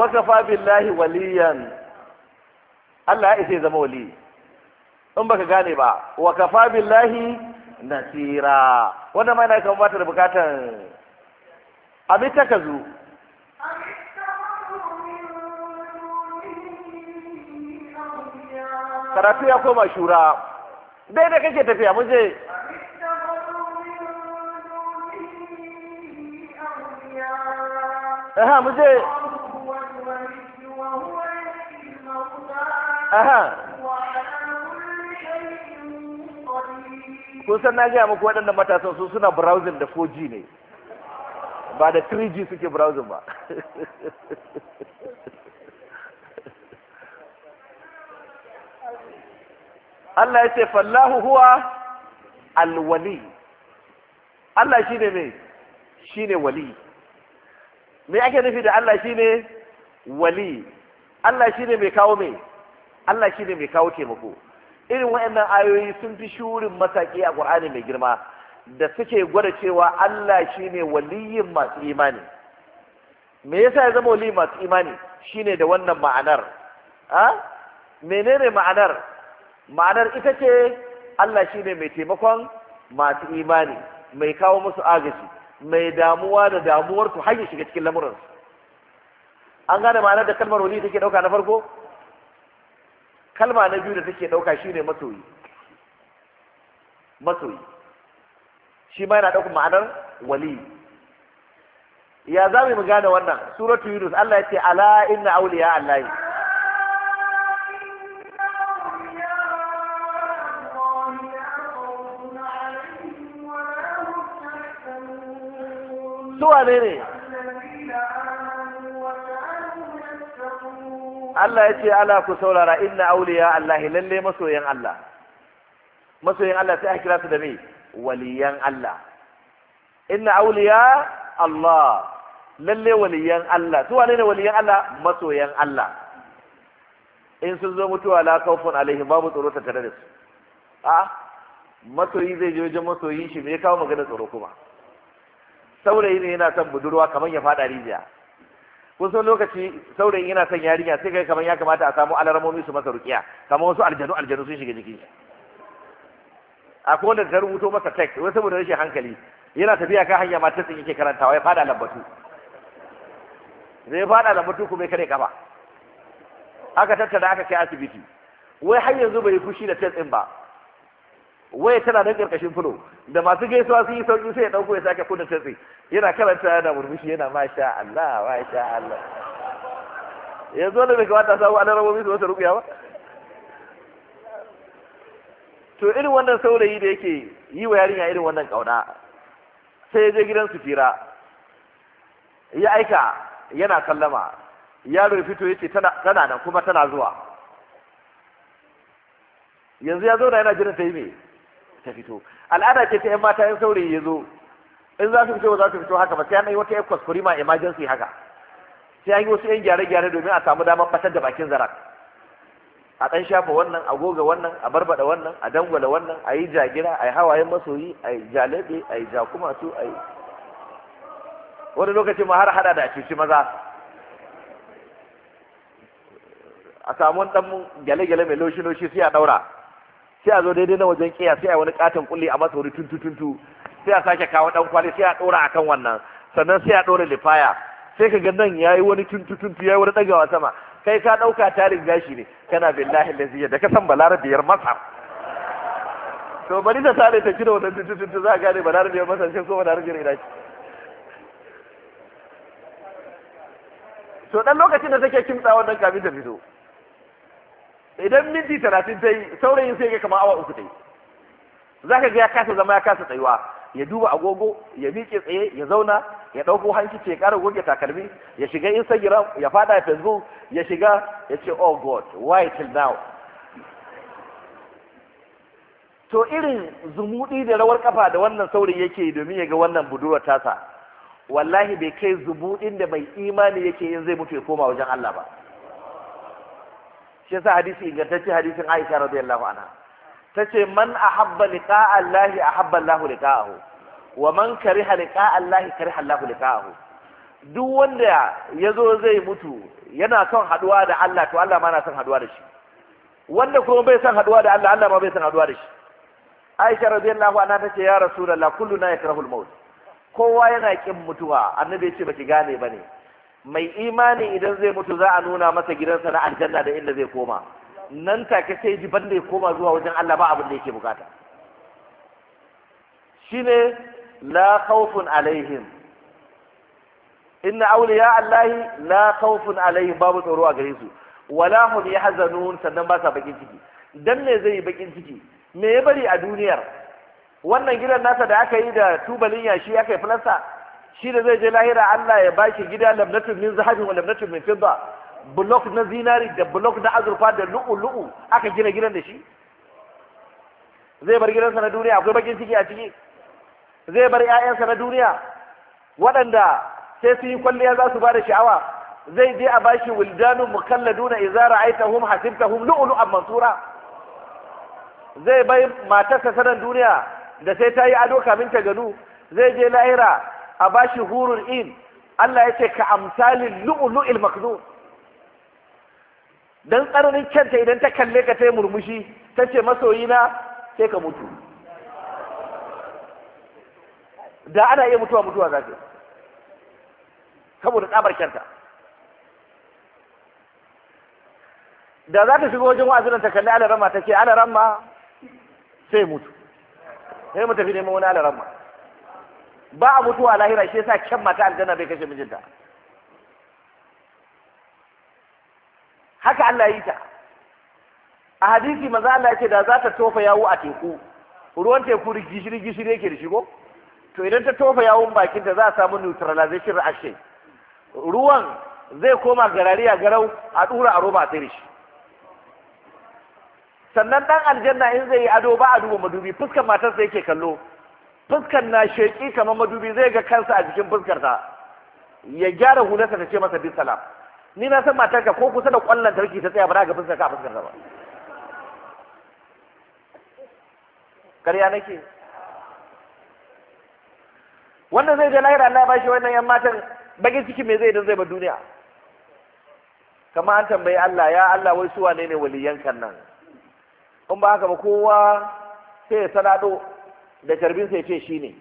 wakafa billahi waliyan Allah ya isa zama wali in baka gane ba wakafa billahi nasira wannan ma yana kan bata da bukatan abin zo karatu ya koma shura dai da kake tafiya mun je aha mun je aha kun san na gaya muku waɗannan matasan su suna browsing da 4G ne ba da 3G suke browsing ba Allah ya ce fallahu huwa alwali Allah shi ne mai shi ne wali me ake nufi da Allah shi ne wali Allah shi ne mai kawo mai Allah shi ne mai kawo taimako irin waɗannan ayoyi sun fi shurin mataki a Qur'ani mai girma da suke gwada cewa Allah shine waliyin masu imani me yasa ya zama waliyin masu imani shine da wannan ma'anar a menene ma'anar ma'anar ita ce Allah shine mai taimakon masu imani mai kawo musu agaji mai damuwa da damuwarsu har shiga cikin lamuransu an gane ma'anar da kalmar wali take ɗauka na farko kalma na biyu da take ɗauka shine masoyi masoyi shi ma yana ɗaukar ma'anar wali ya za mu gane wannan suratu yunus Allah ya ce ala inna awliya allahi suwa ne ne Allah ya ce ala ku saurara inna auliya Allah lalle masoyan Allah masoyan Allah sai a kira su da me waliyan Allah inna auliya Allah lalle waliyan Allah su wane ne waliyan Allah masoyan Allah in sun zo mutuwa la khawfun alaihim babu tsoro ta tare da su a masoyi zai je wajen masoyin shi me ya kawo magana tsoro kuma saurayi ne yana son budurwa kamar ya fada rijiya kun san lokaci saurayin yana son yarinya sai kai kamar ya kamata a samu alaramomi su masa rukiya kamar wasu aljanu aljanu sun shiga jikin a akwai wanda ta rubuto masa text wai saboda rashin hankali yana tafiya kan hanya ma tsin yake karantawa ya fada lambatu zai fada lambatu kuma ya kare kafa aka tattara aka kai asibiti wai har yanzu bai fushi da din ba waya tana nan karkashin fulo da masu gaisuwa sun yi sauki sai ya dauko ya sake kunna tatsi yana karanta yana murmushi yana masha Allah masha Allah yanzu wanda bai kamata samu an rabobi su wata rubuya ba to irin wannan saurayi da yake yi wa yarinya irin wannan kauna sai ya je gidan su fira ya aika yana sallama yaro ya fito yace tana nan kuma tana zuwa yanzu ya zauna yana jiran ta yi me ta fito al'ada ce ta yan mata yan saurayi ya zo in za su fito ba za su fito haka ba sai an yi wata yan kwaskuri ma emergency haka sai an yi wasu yan gyare-gyare domin a samu damar fatar da bakin zarar a ɗan shafa wannan a goga wannan a barbada wannan a dangwala wannan a yi jagira a yi hawayen masoyi a yi jalebe a yi jakumatu a yi wani lokacin ma har hada da a cuci maza a samu ɗan gyale-gyale mai loshi-loshi sai a ɗaura sai a zo daidai na wajen kiya sai a wani katon kulle a masa wani tuntu tuntu sai a sake kawo dan kwali sai a dora akan wannan sannan sai a dora lifaya sai ka ga nan yayi wani tuntu tuntu yayi wani dagawa sama kai ka dauka tarin gashi ne kana billahi lazi da ka san Biyar masa to bari ta tare ta kira wannan tuntu tuntu za ka gane Biyar masa sai ko balarabiyar iraki to dan lokacin da take kimtsa wannan kamin ta fito idan minti talatin ta yi saurayin sai ga kamar awa uku ta yi za ka ga ya kasa zama ya kasa tsayuwa ya duba agogo ya miƙe tsaye ya zauna ya ɗauko hankici ya ƙara goge takalmi ya shiga instagram ya fada facebook ya shiga ya ce oh god why till now to irin zumuɗi da rawar kafa da wannan saurin yake domin ya ga wannan budurwar tasa wallahi bai kai zumuɗin da mai imani yake yin zai mutu ya koma wajen Allah ba shi yasa hadisi ingantacce hadisin Aisha radiyallahu anha tace man ahabba liqa'a Allah ahabba Allah liqa'ahu wa man kariha liqa'a Allah kariha Allah liqa'ahu duk wanda yazo zai mutu yana son haduwa da Allah to Allah ma na son haduwa da shi wanda kuma bai son haduwa da Allah Allah ma bai son haduwa da shi Aisha radiyallahu anha tace ya Rasulullah kulluna yakrahul maut kowa yana kin mutuwa annabi ya ce baki gane bane mai imani idan zai mutu za a nuna masa gidansa na aljanna da inda zai koma nan take sai ji banda ya koma zuwa wajen Allah ba abin da yake bukata shine la khawfun alaihim inna awliya allahi la khawfun alaihim babu tsoro a gare su wala hum yahzanun sannan ba sa bakin ciki dan me zai yi bakin ciki me ya bari a duniyar wannan gidan nasa da aka yi da tubalin yashi aka yi filasta shi da zai je lahira Allah ya baki gida lamnatu min zahabi wa lamnatu min fidda block na zinari da block na azurfa da lu'u-lu'u aka gina gidan da shi zai bar gidansa na duniya akwai bakin ciki a ciki zai bar 'ya'yansa na duniya waɗanda sai su yi kwalliya za su ba da sha'awa zai je a bashi wildanu mukalladuna idza ra'aytahum hasibtahum lu'lu'an mansura zai bai matarsa sanan duniya da sai ta yi ado kamin ta ganu zai je lahira a bashi hurul in Allah ya ce ka amsalin lu'lu'il maknun dan tsaronin kyanta idan ta kalle ka sai murmushi ta ce masoyina sai ka mutu da ana iya mutuwa mutuwa za saboda tsabar kyanta da za ta shiga wajen wa'azin ta kalli alaramma ta ce alaramma sai mutu sai mu tafi neman wani alaramma ba a mutuwa lahira shi yasa kyan mata aljanna bai kashe mijinta haka Allah yi ta a hadisi maza Allah yake da za ta tofa yawo a teku ruwan teku gishiri gishiri yake da shigo to idan ta tofa yawon bakinta za a samu neutralization reaction ruwan zai koma garari a garau a dura a roba a shi sannan dan aljanna in zai yi ado ba a duba madubi fuskar matarsa yake kallo fuskar na sheƙi kamar madubi zai ga kansa a jikin fuskar ta ya gyara hularsa ta ce masa salam ni na san matarka ko kusa da ƙwallon tarki ta tsaya ba ga fuskar ka a fuskar ta ba ƙarya nake wanda zai je lahira Allah ya bashi wannan yan matan bagin ciki me zai dan zai ba duniya Kamar an tambayi Allah ya Allah wai su wane ne kan nan in ba haka ba kowa sai ya sanado da carbinsa ya ce shi ne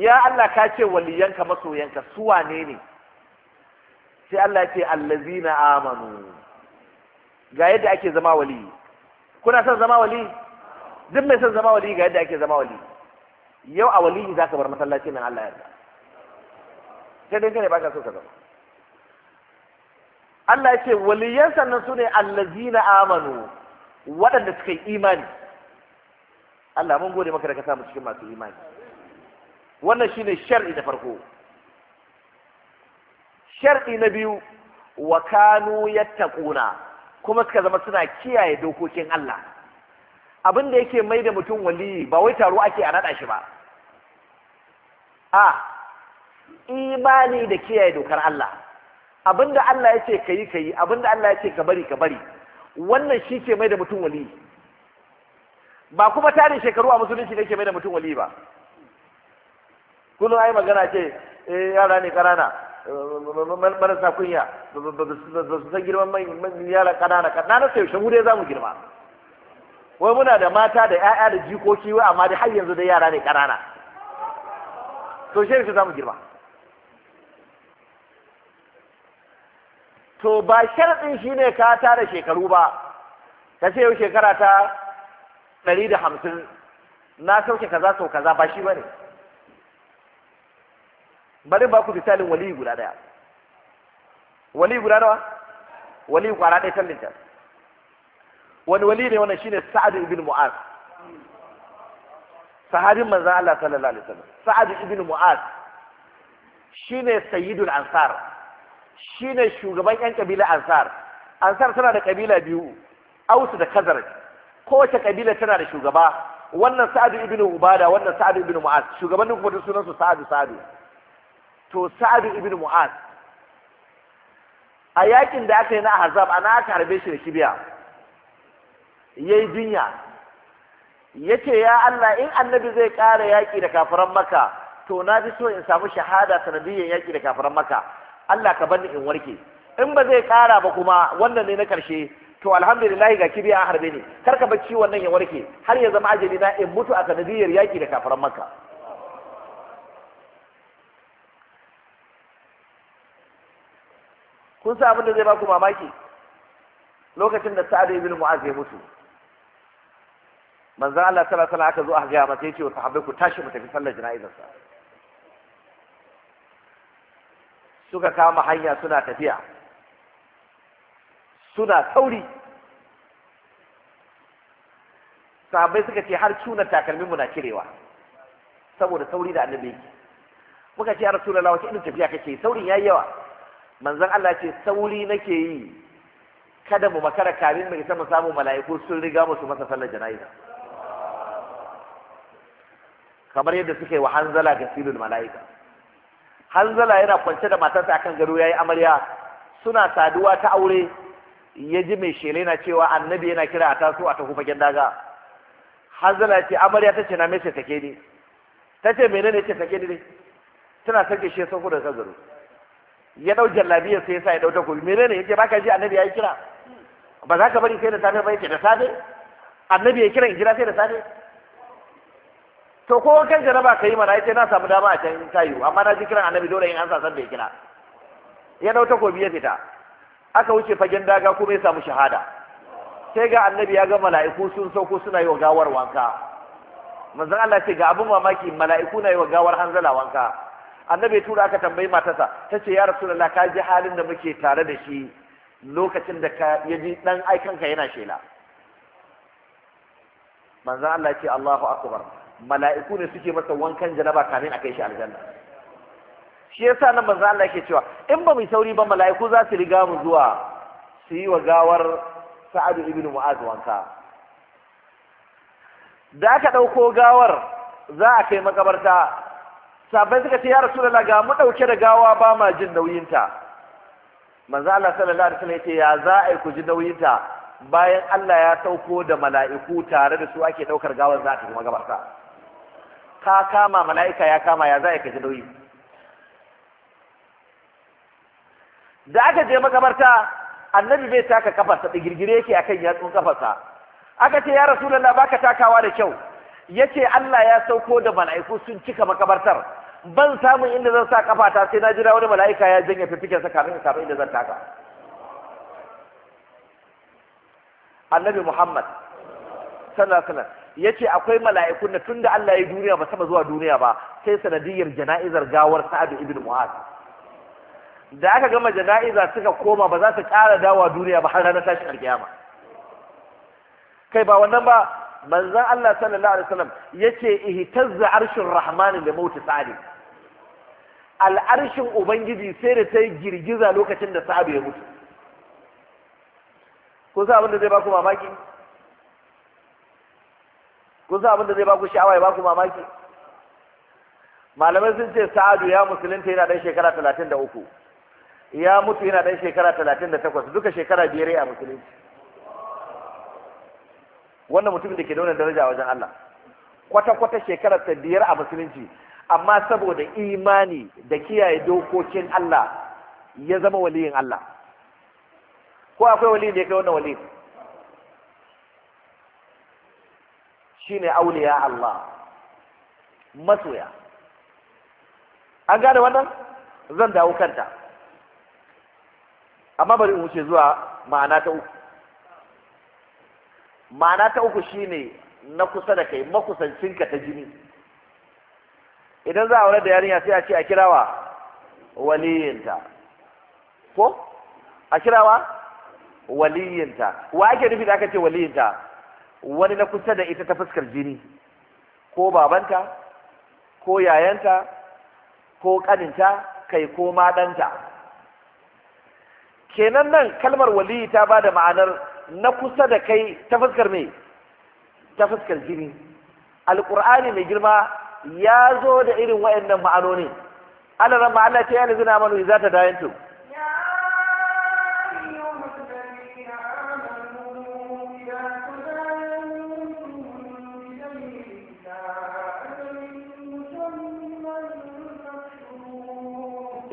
ya Allah ka ce waliyanka masoyanka su wane ne sai Allah ce allazina amanu ga yadda ake zama wali kuna son zama wali duk mai son zama wali ga yadda ake zama wali yau a wali za ka bar masallaci nan Allah yarda sai dai ba baka so ka zama Allah ya ce waliyan sannan su ne allazina amanu waɗanda suka yi imani Allah mun gode maka da ka samu cikin masu imani wannan shine shar'i da farko shar'i na biyu wa kanu yattaquna kuma suka zama suna kiyaye dokokin Allah abin da yake mai da mutum wali ba wai taro ake a naɗa shi ba a imani da kiyaye dokar Allah abinda Allah ya ce ka yi, kayi abin abinda Allah ya ce ka bari ka bari wannan shi ke mai da mutum wali ba kuma tarin shekaru a musulunci ne ke mai da mutum wali ba kullum ai magana ce eh, yara ne ƙanana eh, marasa kunya ba su san girman yara ƙanana na sai yaushe mu dai za mu girma wai muna da mata da 'ya'ya da jikoki wai amma dai har yanzu dai yara ne ƙanana to shi yaushe za mu girma to ba sharɗin shi ne ka tara shekaru ba ka ce yau shekara ta ɗari da hamsin na sauke kaza sau kaza ba shi ba ne bari ba ku misalin waliyu guda ɗaya waliyu guda nawa waliyu kwara ɗaya tallin ta wani wali ne wannan shine sa'ad ibn mu'az sahabin manzon Allah sallallahu alaihi wasallam sa'ad ibn mu'az shine sayyidul ansar shine shugaban yan kabila ansar ansar tana da kabila biyu ausu da kazar kowace kabila tana da shugaba wannan sa'adu ibnu ubada wannan sa'adu ibnu mu'az shugabannin kuma sunansu sa'adu sa'adu to sa'adu ibnu mu'az a yakin da aka yi na ahzab ana aka harbe shi da kibiya yayi jinya yace ya Allah in annabi zai kara yaƙi da kafiran maka to na fi so in samu shahada sanadiyyar yaƙi da kafiran maka Allah ka bani in warke in ba zai kara ba kuma wannan ne na karshe to alhamdulillah ga kibiya a harbe ne kar ka bar wannan nan ya warke har ya zama ajali na in mutu a sanadiyar yaki da kafaran makka kun sa abin da zai baku mamaki lokacin da sa'ad ibn mu'az ya mutu manzo Allah sallallahu alaihi wasallam aka zo a ga masa yace wa sahabbai ku tashi mu tafi sallar jana'izarsa suka kama hanya suna tafiya suna sauri sahabbai suka ce har cunar takalmin muna na kirewa saboda sauri da annabi yake muka ce ya rasulullahi wace inda tafiya kake saurin yayi yawa manzon Allah ce sauri nake yi kada mu makara kamin mu isa mu samu mala'iku sun riga musu masa sallar jana'iza kamar yadda suka yi wa hanzala ga silul mala'ika hanzala yana kwance da matarsa akan gado yayi amarya suna saduwa ta aure ya ji mai shele na cewa annabi yana kira a taso a tafi fagen daga hanzala ce amarya ta ce na mace take ne ta ce menene ce take ne tana sake shi sako da gado ya dau jallabiya sai yasa ya dau takobi menene yake baka ji annabi yayi kira ba za ka bari sai da safe ba yake da safe annabi ya kira in jira sai da safe to ko kan jaraba ka yi mana yace na samu dama a can ta amma na ji kiran annabi dole in an sasan da ya kira ya dau takobi ya fita aka wuce fagen daga kuma ya samu shahada sai ga annabi ya ga mala'iku sun sauko suna yi wa gawar wanka manzon Allah ce ga abin mamaki mala'iku na yi wa gawar hanzala wanka annabi ya tura aka tambayi matarsa ta ce ya rasulullah ka ji halin da muke tare da shi lokacin da ka ya ji dan aikanka yana shela manzon Allah ya ce Allahu akbar mala'iku ne suke masa wankan janaba kamin a kai shi aljanna shi yasa nan manzo Allah yake cewa in ba mu sauri ba mala'iku za su riga mu zuwa su yi wa gawar Sa'ad ibn Mu'az wanka da aka dauko gawar za a kai makabarta sabai suka ce ya rasulullah ga mu dauke da gawa ba ma jin nauyinta manzo Allah sallallahu alaihi wasallam yace ya za a ku ji nauyinta bayan Allah ya sauko da mala'iku tare da su ake daukar gawar za a kai makabarta ka kama mala'ika ya kama ya za ka ji doyi da aka je makabarta annabi bai taka kafarsa da girgire yake akan yatsun kafarsa aka ce ya rasu rasulullah baka takawa da kyau yace Allah ya sauko da mala'iku sun cika makabartar ban samun inda zan sa kafata sai na jira wani mala'ika ya janye fifikensa kafin kafin inda zan taka annabi muhammad sallallahu alaihi ya ce akwai mala'ikun da tun da Allah ya duniya ba taba zuwa duniya ba sai sanadiyar jana'izar gawar sa'adu ibn mu'az da aka gama jana'iza suka koma ba za su ƙara dawa duniya ba har ranar tashin alkiyama kai ba wannan ba manzan Allah sallallahu alaihi wasallam yace ihtazza arshin rahmani da mauti sa'adu al'arshin ubangiji sai da ta yi girgiza lokacin da sa'adu ya mutu kun sa abin da zai ba ku mamaki kun san abin da zai baku sha'awa ya baku mamaki malamai sun ce sa'adu ya musulunta yana dan shekara talatin da uku ya mutu yana dan shekara talatin da takwas duka shekara biyar ya musulunci wannan mutumin da ke da daraja wajen Allah kwata-kwata shekarar ta biyar a musulunci amma saboda imani da kiyaye dokokin Allah ya zama waliyin Allah ko akwai waliyin da ya kai wannan waliyin shine auliya Allah masoya an gane wannan zan dawo kanta amma bari in wuce zuwa ma'ana ta uku ma'ana ta uku shine na kusa da kai makusancinka ta jini idan za a wurar da yarinya sai a ce a kirawa waliyinta ko a kirawa waliyinta wa ake nufi da aka ce waliyinta wani na kusa da ita ta fuskar jini ko babanta ko yayanta ko kaninta kai ko maɗanta kenan nan kalmar waliyi ta ba da ma'anar na kusa da kai ta fuskar me ta fuskar jini alƙur'ani mai girma ya zo da irin wa'annan ma'anoni Allah ran ma'ana ta yana na manu za ta dayantu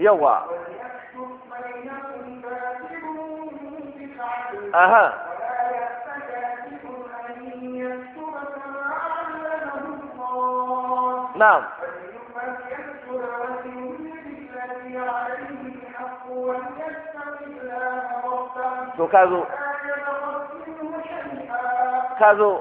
yawa aha نعم to kazo kazo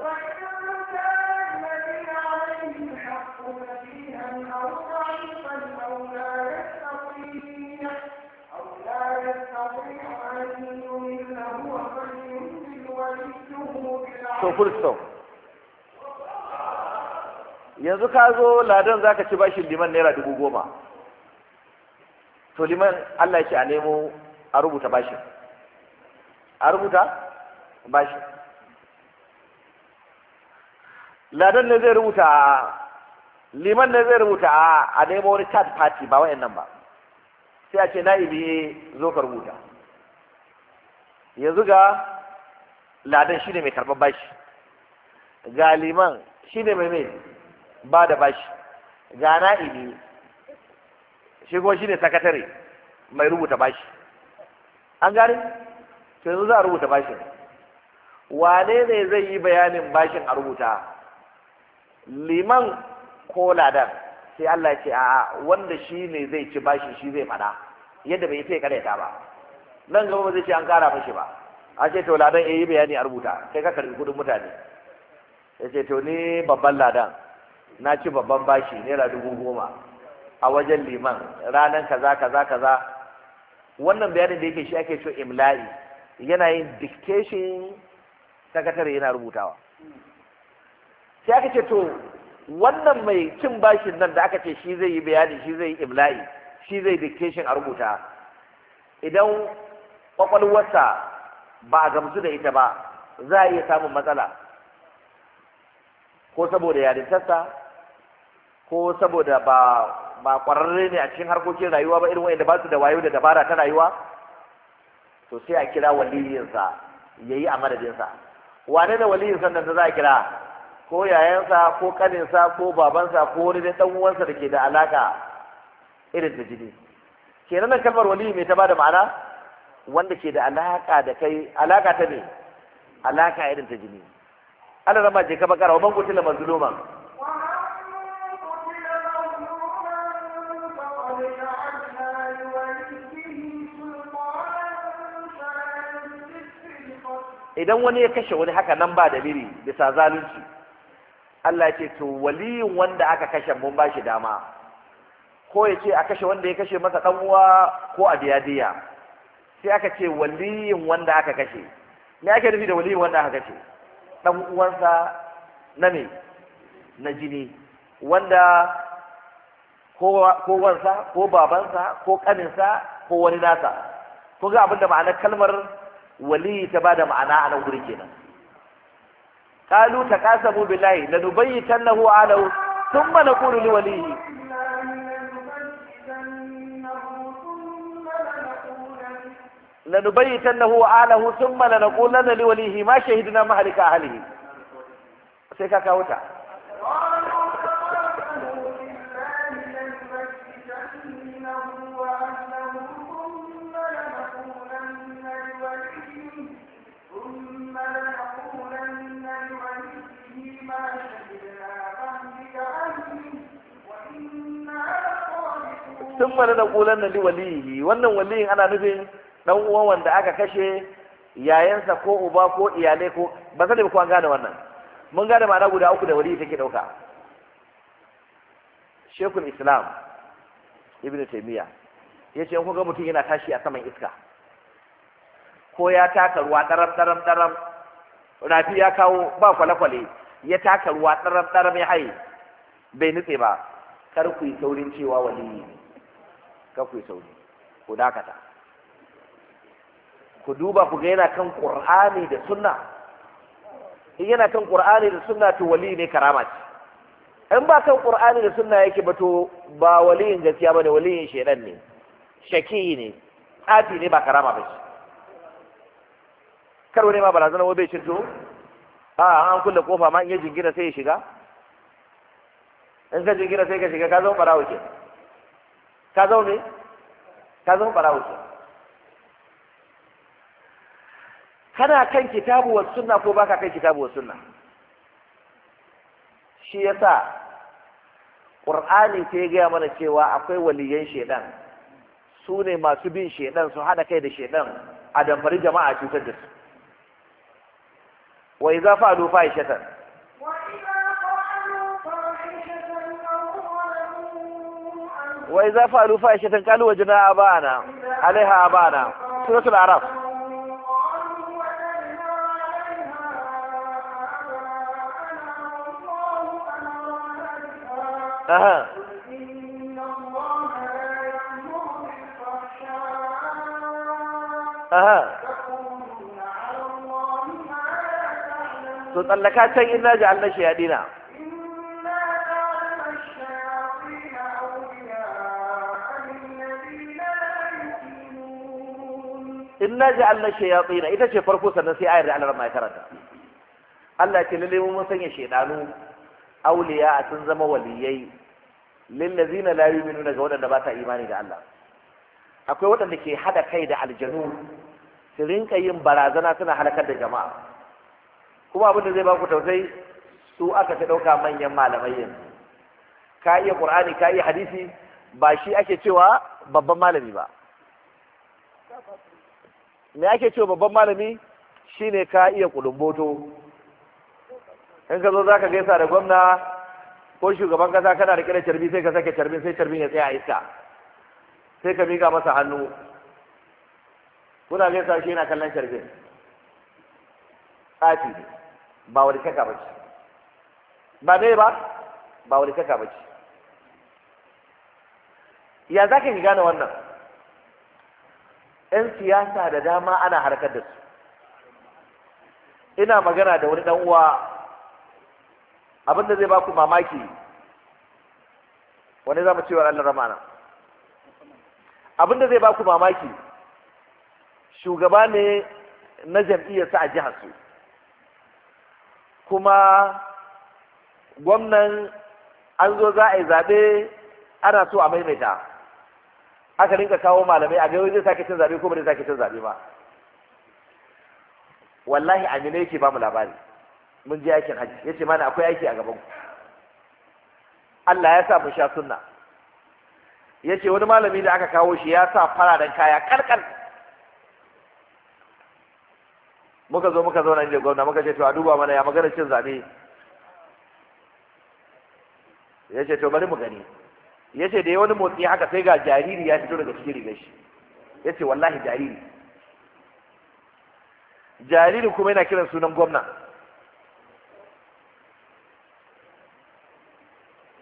to yanzu ka zo ladan za ka ci bashin liman naira dubu goma to liman allah ce a nemo a rubuta bashin a rubuta bashin ladan ne zai rubuta liman ne zai rubuta a nemo wani third party ba nan ba sai a ce na'ibi zo ka rubuta yanzu ga ladan shi ne mai karɓar bashi Galiman shi ne mai ba da bashi ga na'ibi shi kuma shi ne sakatare mai rubuta bashi an gane to yanzu za a rubuta bashin wane ne zai yi bayanin bashin a rubuta liman ko ladan sai Allah ce a'a wanda shi ne zai ci bashin shi zai fada yadda bai sai karyata ba nan gaba ba zai ce an kara mashi ba a ce to ladan yi bayani a rubuta sai ka karbi kudin mutane ya ce to ni babban ladan na ci babban bashi naira dubu goma a wajen liman ranar kaza kaza kaza wannan bayanin da yake shi ake cewa imla'i yana yin dictation sakatare yana rubutawa sai aka ce to wannan mai cin bashin nan da aka ce shi zai yi bayani shi zai yi imla'i shi zai dictation a rubuta idan kwakwalwarsa ba a gamsu da ita ba za a iya samun matsala ko saboda yarintarsa ko saboda ba ba ƙwararre ne a cikin harkokin rayuwa ba irin wanda ba su da wayo da dabara ta rayuwa to sai a kira waliyinsa ya yi a madadinsa wane da waliyinsa nan da za a kira ko yayansa ko kaninsa ko babansa ko wani da ɗan uwansa da ke da alaka irin da jini kenan nan kalmar waliyi mai ta ba da ma'ana wanda ke da alaka da kai alaka ta ne alaka irin ta jini Allah zama je ka bakara wa man qutila mazluman idan wani ya kashe wani haka nan ba dalili bisa zalunci Allah ya ce to waliyin wanda aka kashe mun ba shi dama ko ya ce a kashe wanda ya kashe masa dan uwa ko a biya diya sai aka ce waliyin wanda aka kashe me ake nufi da waliyin wanda aka kashe dan uwansa na me na jini wanda ko wansa ko babansa ko kaninsa ko wani nasa ko ga abinda ma'anar kalmar wali ta ba da ma'ana a nan guri kenan qalu taqasamu billahi lanubayyitannahu alahu thumma naqulu liwalihi Lanubai itan na huwa anahu sun mana na ƙulan na liwa lihi mace hidina mahalika a halin sai ka kawata. Wannan wani sun mana na ƙulan na liwa lihi wannan waliyan ana nufin. dan uwan wanda aka kashe yayansa ko uba ko iyalai ko ba sani ko an gane wannan mun gane ma'ana guda uku da wali take dauka shekul islam ibnu taymiya yace in kuga mutum yana tashi a saman iska ko ya taka ruwa daram daram daram rafi ya kawo ba kwale-kwale ya taka ruwa daram daram ya haye bai nutse ba kar ku yi saurin cewa wali ne kar ku yi sauri ku dakata ku duba ku ga yana kan qur'ani da sunna in yana kan qur'ani da sunna to wali ne karama ce in ba kan qur'ani da sunna yake ba to ba waliyin gaskiya bane waliyin shedan ne shaki ne tsafi ne ba karama ba ce karo ne ma barazana wa bai cinto a an kulle kofa ma in ya jingina sai ya shiga in ka jingina sai ka shiga ka zama barawo ke ka zaune ka zama barawo ke kana kan kitabu wa sunna ko baka kan kitabu wa sunna shi yasa qur'ani ke gaya mana cewa akwai waliyan shedan su ne masu bin shedan su hada kai da shedan a damfari jama'a cutar da su wa idza fa'alu fa'ishatan wa idza fa'alu fa'ishatan qalu wajna abana alaiha abana suratul araf أها. أها. تقول لك حتى إنا جعلنا شهادنا. إنا جعلنا الشياطين إذا شيء فرقوس النسي آير على ما يترد الله كن اللي مو مسني شيء أولياء تنزم وليين lillazina la yu'minuna ga waɗanda ba ta imani da Allah akwai waɗanda ke hada kai da aljanu su rinka yin barazana suna halakar da jama'a kuma abin da zai ba ku tausayi su aka ta ɗauka manyan malamai yanzu ka iya qur'ani ka iya hadisi ba shi ake cewa babban malami ba me ake cewa babban malami shine ka iya kulumboto in ka zo zaka gaisa da gwamna ko shugaban kasa kana rike da carbi sai ka sake carbin sai carbin ya tsaya a iska sai ka miƙa masa hannu kuna gaisa shi yana kallon carbin tsafi ne ba wani kaka ba ba ne ba ba wani kaka ba ya za ka gane wannan 'yan siyasa da dama ana harkar da su ina magana da wani ɗan uwa abin da zai ba ku mamaki wani za mu wa Allah ramana abin da zai ba ku mamaki shugaba ne na jam'iyyarsa a jihar su kuma gwamnan an zo za a yi zaɓe ana so a maimaita aka rinka kawo malamai a ga zai sake cin zabe ko ba zai sake cin zaɓe ba wallahi amina yake ba mu labari mun je aikin hajji yace mana akwai aiki a gaban ku Allah ya sa mu sha sunna yace wani malami da aka kawo shi ya sa fararen kaya karkar muka zo muka zauna da gwamna muka ce to a duba mana ya magana cin zabe yace to bari mu gani yace da wani motsi haka sai ga jariri ya fito daga cikin rigar shi yace wallahi jariri jariri kuma yana kiran sunan gwamna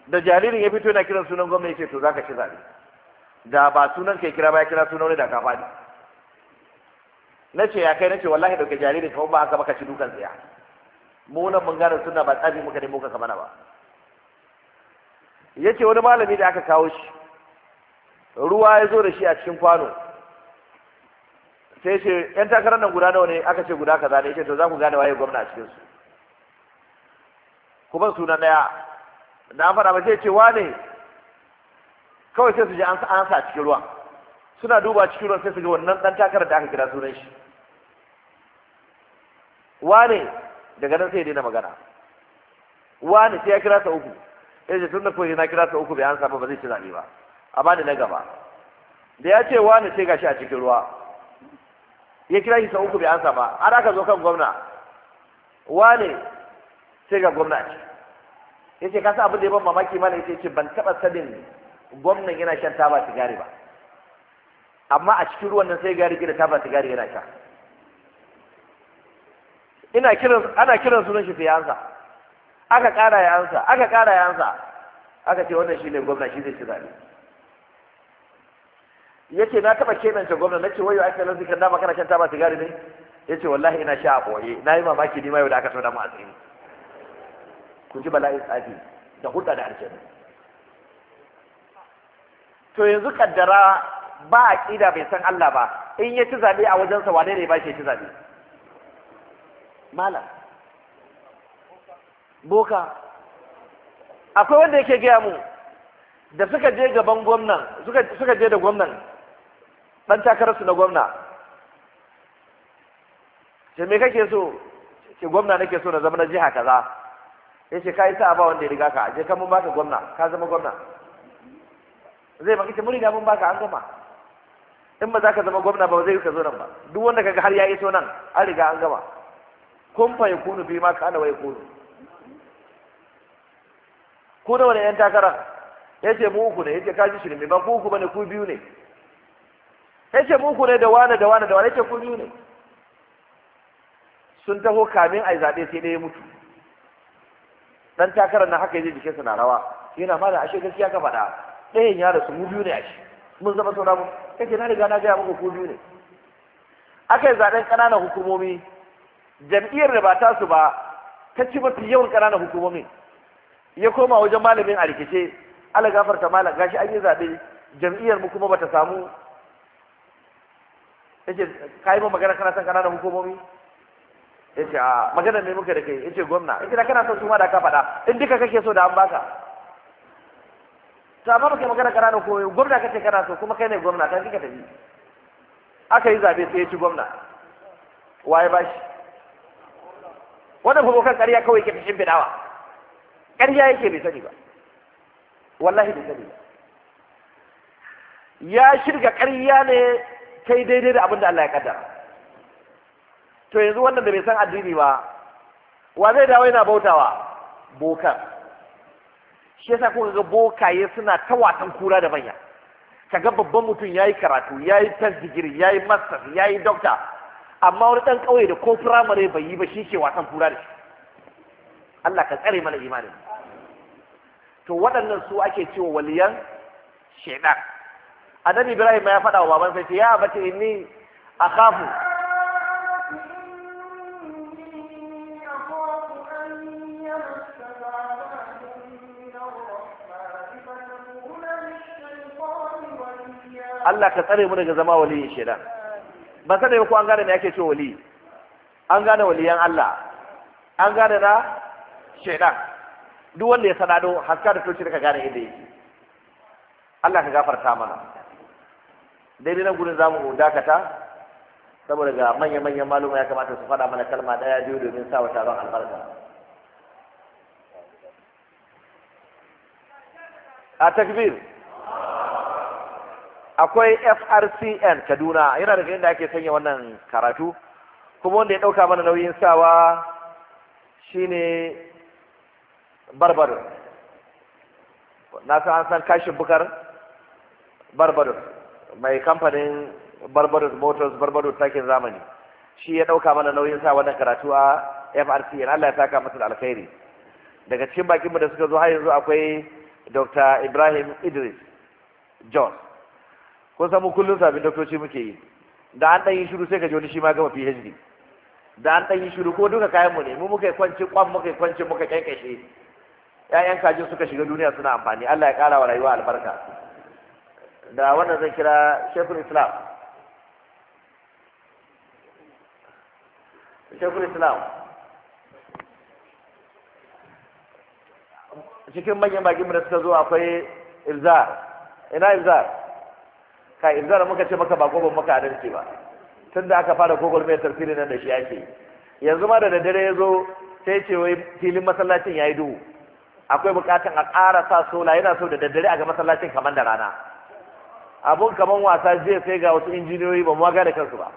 da jaririn ya fito yana kiran sunan gwamna ce to zaka ci zaɓe. da ba sunan kai kira ba ya kira sunan da ka fadi nace ya kai nace wallahi dauke jaririn kamar ba aka baka ci dukan tsaya mu nan mun gane suna ba tsabi muka ne muka kamana ba yace wani malami da aka kawo shi ruwa ya zo da shi a cikin kwano sai ce yan takarar nan guda nawa ne aka ce guda kaza ne yace to za ku gane waye gwamna a cikin su kuma suna daya Da faɗa ba zai ce wane kawai sai su ji an sa cikin ruwa suna duba cikin ruwan sai su ga wannan ɗan takarar da aka kira sunan shi wane daga nan sai ya daina magana wane sai ya kira ta uku sai ce tun da kawai na kira ta uku bai an samu ba zai ci zaɓe ba a bani na gaba da ya ce wane sai gashi a cikin ruwa ya kira shi ta uku bai an ba har aka zo kan gwamna wane sai ga gwamna ce yace kasa abin da ya ban mamaki mana yace ce ban taba sanin gwamnan yana shan taba sigari ba amma a cikin ruwan nan sai gari gida taba sigari yana sha ina kiran ana kiran sunan shi sai aka kara yansa aka kara yansa aka ce wannan shine gwamna shi zai ci zabe yace na taba kenan ta gwamna nace wayo ake lanzu kan dama kana shan taba sigari ne yace wallahi ina sha a boye yi mamaki ni ma yau da aka so da mu asiri ku ji bala'in tsafi da hulɗa da aljanu to yanzu kaddara ba a ƙida bai san Allah ba in ya ci zaɓe a wajensa wane ne ba shi ya ci zaɓe malam boka akwai wanda yake gaya mu da suka je gaban gwamnan suka je da gwamnan ɗan takararsu na gwamna ce me kake so ce gwamna nake so na zama na jiha kaza ya ce ka yi sa'a ba wanda ya riga ka je ka mun baka gwamna ka zama gwamna zai maka ce mun riga mun baka an gama in ba za ka zama gwamna ba zai yi ka zo nan ba duk wanda kaga har ya so nan an riga an gama kun fa kunu bi ma ana wai kunu ku da wani yan takara ya ce mu uku ne ya ce ka ji shirme ba ku uku bane ku biyu ne ya ce mu uku ne da wane da wane da wane ya ce ku biyu ne sun taho kamin a yi zaɓe sai ɗaya mutu dan takarar na haka yaje sa na rawa yana malam ashe gaskiya ka faɗa ɗayan ya rasu mu biyu ne ashe mun zama saura mu kake na riga na gaya muku ku biyu ne aka yi zaɓen ƙananan hukumomi jam'iyyar da ba ta su ba ta ci mafi yawan ƙananan hukumomin ya koma wajen malamin a rikice ala gafarta malam gashi an yi zaɓe jam'iyyar mu kuma bata samu yace kai mu magana kana san ƙananan hukumomi yace a ah, magana ne muka da kai yace gwamna yace da kana son su ma da ka faɗa in duka kake so da an baka to amma baka magana kana ko gwamna kace kana so kuma kai ne gwamna ta kika tafi aka yi zabe sai ya ci gwamna waye ba shi? wannan fa kan ƙarya kawai ke cikin bidawa ƙarya yake bai sani ba wallahi bai sani ba ya shirga ƙarya ne kai daidai da abin da Allah ya kaddara to yanzu wannan da bai san addini ba wa zai dawo yana bautawa Bokar. shi yasa kuka ga bokaye suna ta watan kura da manya ga babban mutum yayi karatu yayi tas digiri yayi master yayi doctor amma wani dan kauye da ko firamare bai yi ba shi ke watan kura da shi Allah ka tsare mana imanin to waɗannan su ake cewa waliyan shaidan annabi ibrahim ya faɗa wa baban sai ya abati inni akhafu Allah ka tsare mu daga zama waliyin shaidan ba sai da ku an gane me yake ce wali an gane waliyan Allah an gane na shaidan duk wanda ya sanado haska da toci daga gane inda yake Allah ka gafarta mana daidai nan gurin zamu dakata saboda ga manya-manyan maluma ya kamata su faɗa mana kalma daya biyu domin sa wa taron albarka a takbir akwai FRCN Kaduna yana daga inda ake sanya wannan karatu kuma wanda ya ɗauka mana nauyin sawa shine Barbados na san an san kashin bukar Barbados mai kamfanin Barbados Motors Barbados takin zamani shi ya ɗauka mana nauyin sa wannan karatu a FRCN Allah ya saka masa da alkhairi daga cikin bakin mu da suka zo har yanzu akwai Dr. Ibrahim Idris John kun samu kullum sabbin doktoci muke yi da an ɗanyi shiru sai ka ji shi ma gama phd da an ɗanyi shiru ko duka kayan mu ne mu muka kwanci kwan muka kwanci muka kyankashe ƴaƴan kajin suka shiga duniya suna amfani Allah ya ƙara wa rayuwa albarka da wannan zan kira shekul islam shekul islam cikin manyan bakin da suka zo akwai ilzar ina ilzar ka irzara muka ce maka ba muka maka adalci ba tun da aka fara gogol mai tafsiri nan da shi ake yanzu ma da daddare ya zo sai ce wai filin masallacin ya yi duhu akwai bukatan a ƙara sa sola yana so da daddare a ga masallacin kamar da rana abun kamar wasa jiya sai ga wasu injiniyoyi ba mu da kansu ba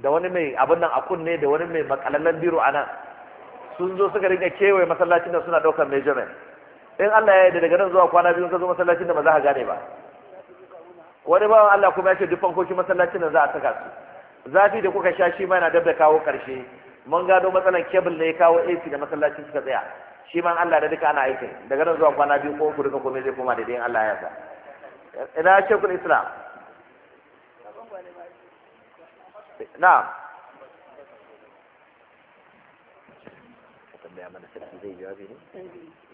da wani mai abun nan a kunne da wani mai makalallen biro a nan sun zo suka rinka kewaye masallacin da suna ɗaukar measurement in Allah ya yi da daga nan zuwa kwana biyu ka zo masallacin da ba za ka gane ba wani bawan Allah kuma ya ce duk fankoki masallacin nan za a saka su zafi da kuka sha shi ma yana dabda kawo karshe mun gado matsalan kebul ne ya kawo AC da masallacin suka tsaya shi ma Allah da duka ana aiki daga nan zuwa kwana biyu ko ku duka komai zai koma daidai in Allah ya sa ina ku islam na'am Thank you.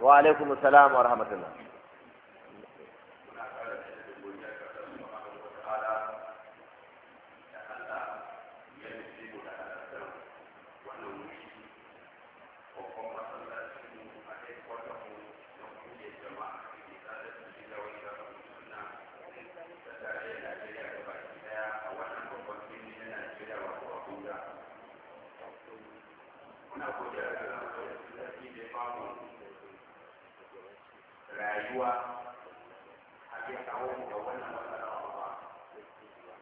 wa alaikum assalam wa rahmatullah rayuwa a bai kawo mu da wannan matsala ba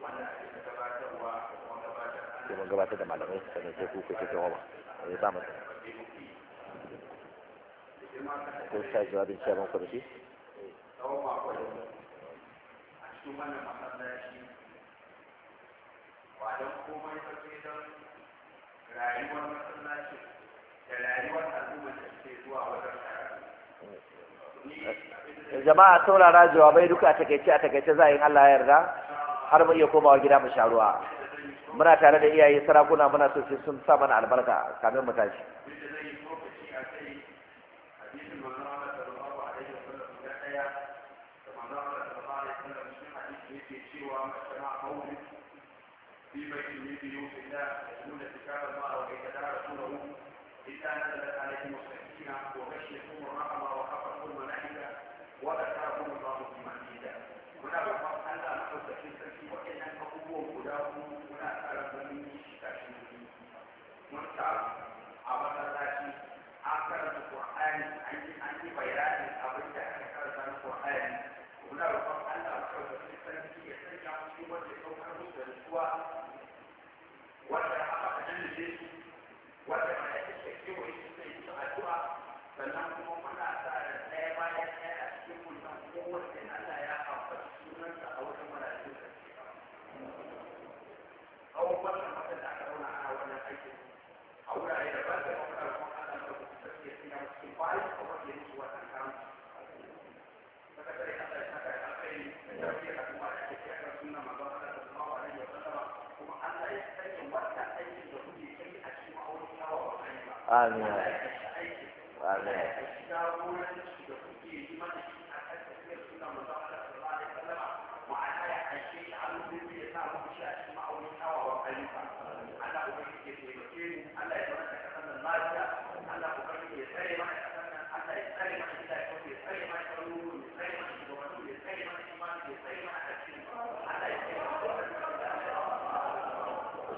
wannan gabatarwa da kuma gabatar da gabatar da malamai sai kuka ko tsawon a cikin wannan masallaci ba don komai don rayuwar da rayuwar al'ummar da suke zuwa wajen jama'a saurara jawabai duka a takaice a takaice za a yi Allah yarda har mu iya komawa gida mu sha ruwa muna tare da iyaye sarakuna muna so sai sun sa mana albarka kamin mu tashi في بيت يوسف لا يكون اتكاف المرأة وكي تدار رسوله إلا نزلت عليه kuma muna sa da ɗaya bayan ɗaya a cikin mutum kowace Allah ya ambaci sunansa a wurin mala'iku da ke ba. Kawon wannan mata da aka zauna ana wannan aikin a wurare da ba da mafakar kuma Allah da kuma sarki ya sanya musu bayan a wanda ya musu wannan kamun. Sakatare Allah ya saka ya alkhairi da tarbiyya da kuma da ake kiyar sunan manzon Allah da kuma wa alaihi wa sallama kuma Allah ya sanya wannan aikin da kuke kai a cikin ma'aurin kyawawan ayyuka. Amin. Amin.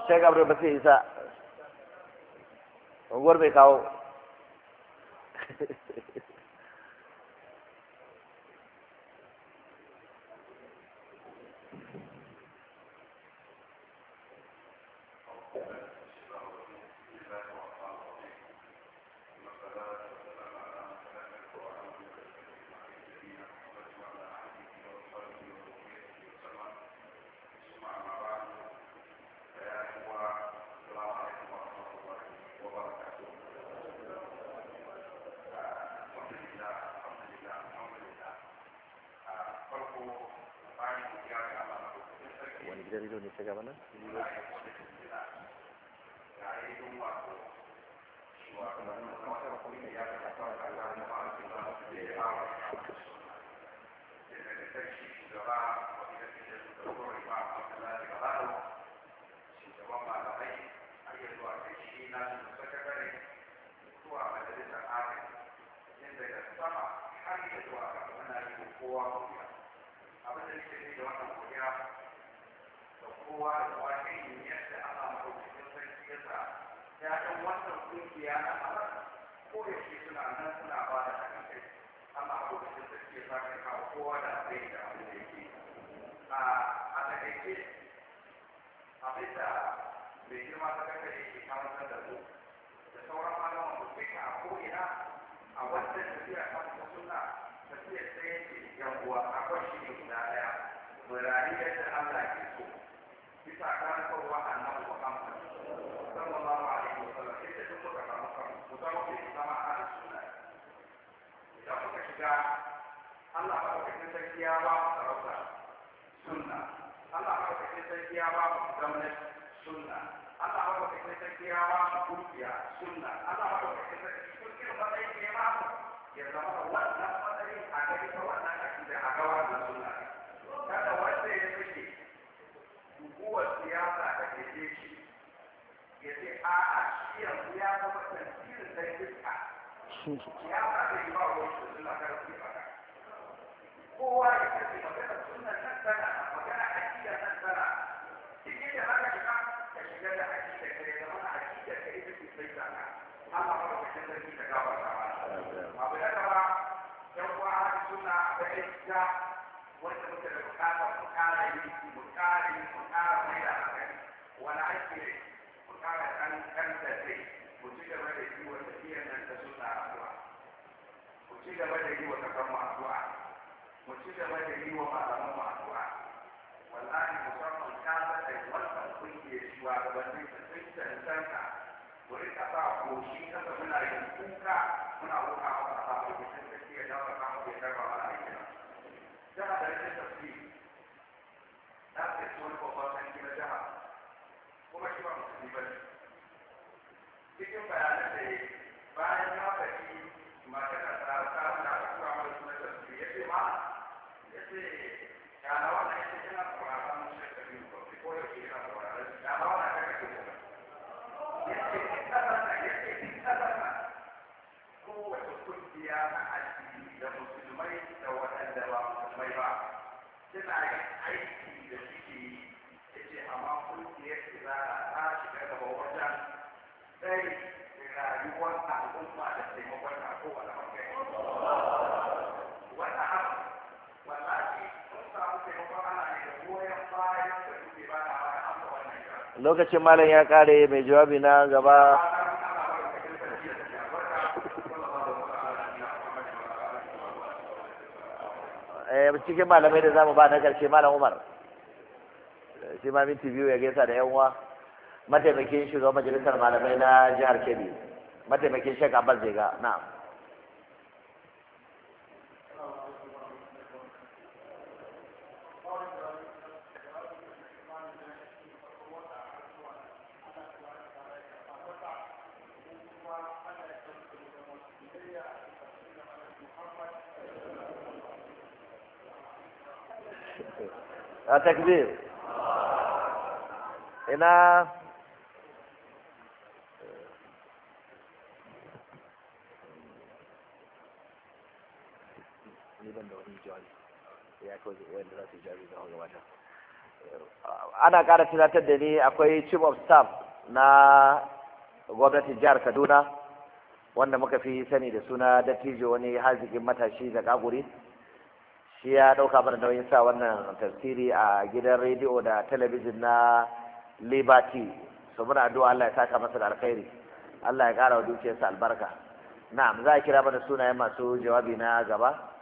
sai abu ba sai isa unguwar bai kawo ko da shi suna nan suna ba da haɗin kai ko da sun sarki ya sake kawo kowa da zai da abin da yake a a takaice abin da mai girma ta kasa yake karantar da mu da sauran malaman mu a ko'ina a wannan tafiya ta kuma suna tafiya ɗaya ce yan uwa akwai shi ne guda ɗaya mu rayu yadda Allah ke so bisa karantarwa a Allah ba ka sarki ya ba sarauta sunna Allah ba ka sarki ya ba mu sunna Allah ba ka sarki ya ba mu sunna Allah ba ka sarki kun kira matsayin ne ma ya zama wannan matsayin a gari ta wannan akida a gawa da sunna kada wanda ya fice siyasa da ke shi ya ce a'a shi ya zama tantirin da ya هو يحب يطبق السنه مثلا وكان حديثا مثلا تجد هذا الشخص تشكيل حديثا كلمه حديثا كلمه ليس اما رب الجنه في تجاوز عنها وبالأثر يوقع السنه بعزه وانت مثل المكافاه مكاره مكاره مكاره غير هكذا ولا عشت مكاره ان انت زي وتجد بدأ يجي وتجي ان انت سنه وتجد بدأ يجي وتكمل وتجمع لي وما لهم عدوان والآن مصرم الكعبة والفن كل يسوع وبنيت الفتة الزكاة وإن أطاع كوشيكة فلا ينفوك lokacin malam ya kare mai jawabi na gaba eh, cikin malamai da zamu ba na karshe malam umar shi ma minti biyu ya gaisa da yan uwa mataimakin shugaban majalisar malamai na jihar kebbi mataimakin shek abbas zega na'am takbir ina ana ƙara tunatar da ni akwai chief of staff na gwamnatin jihar kaduna wanda muka fi sani da suna dattijo wani haziƙin matashi da kaguri shi ya ɗauka mana nauyin sa wannan tafsiri a gidan rediyo da talabijin na liberty su muna addu'a Allah ya saka masa da alkhairi Allah ya ƙara wa dukiyarsa albarka na'am za a kira mana sunayen masu jawabi na gaba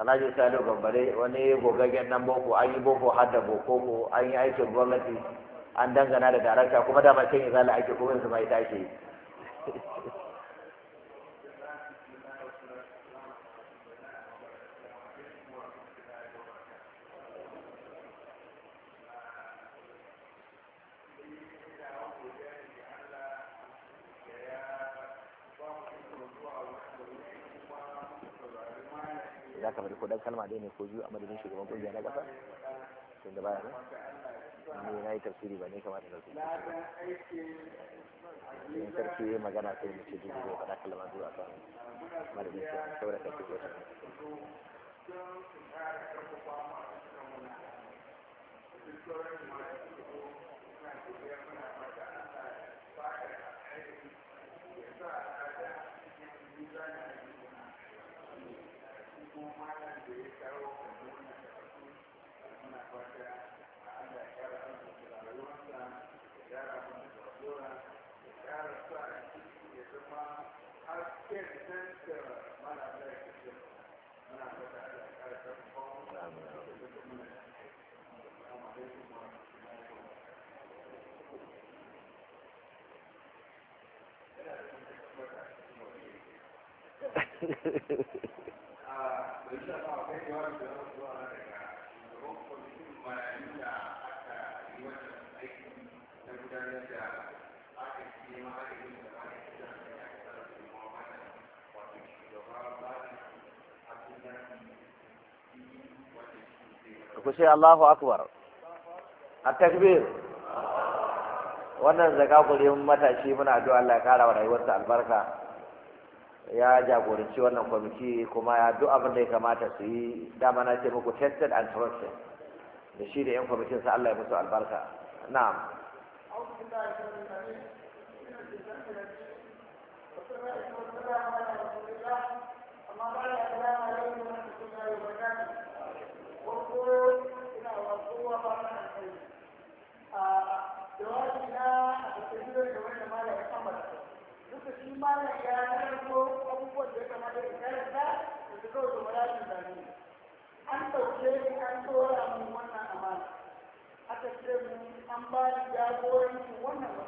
sa salihu bare wani gogaggen nan boko an yi boko har da boko an yi aikin gwamnati an dangana da darakta kuma da macen izala ake kuma yanzu mai take za ka bari ko dan kalma ne ko biyu a madadin shugaban kungiya na kasa tun da baya ne ni na yi tafsiri ba ne kamata na su in sarki magana sai mu dubu kalma zuwa a madadin shi saboda Thank you. kuma malam da ya kawo da muna da muna fata ku ce Allahu akbar a takbir wannan zaka kullum matashi muna addu'a Allah ya kara wa rayuwarsa albarka ya jagoranci wannan kwamiti kuma ya duk abin da ya kamata su yi dama na ce muku tested and trusted da shi da yan kwamitin sa Allah ya musu albarka na'am وصلى الله farko ina wa kowa ba mana kai a jawabi na a tafiyar da wanda malam ya kammala ya karanto abubuwan da ya kamata ya karanta da su kawai da malashin zane an amana aka an ba ni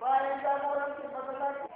bayan jagorancin masallaci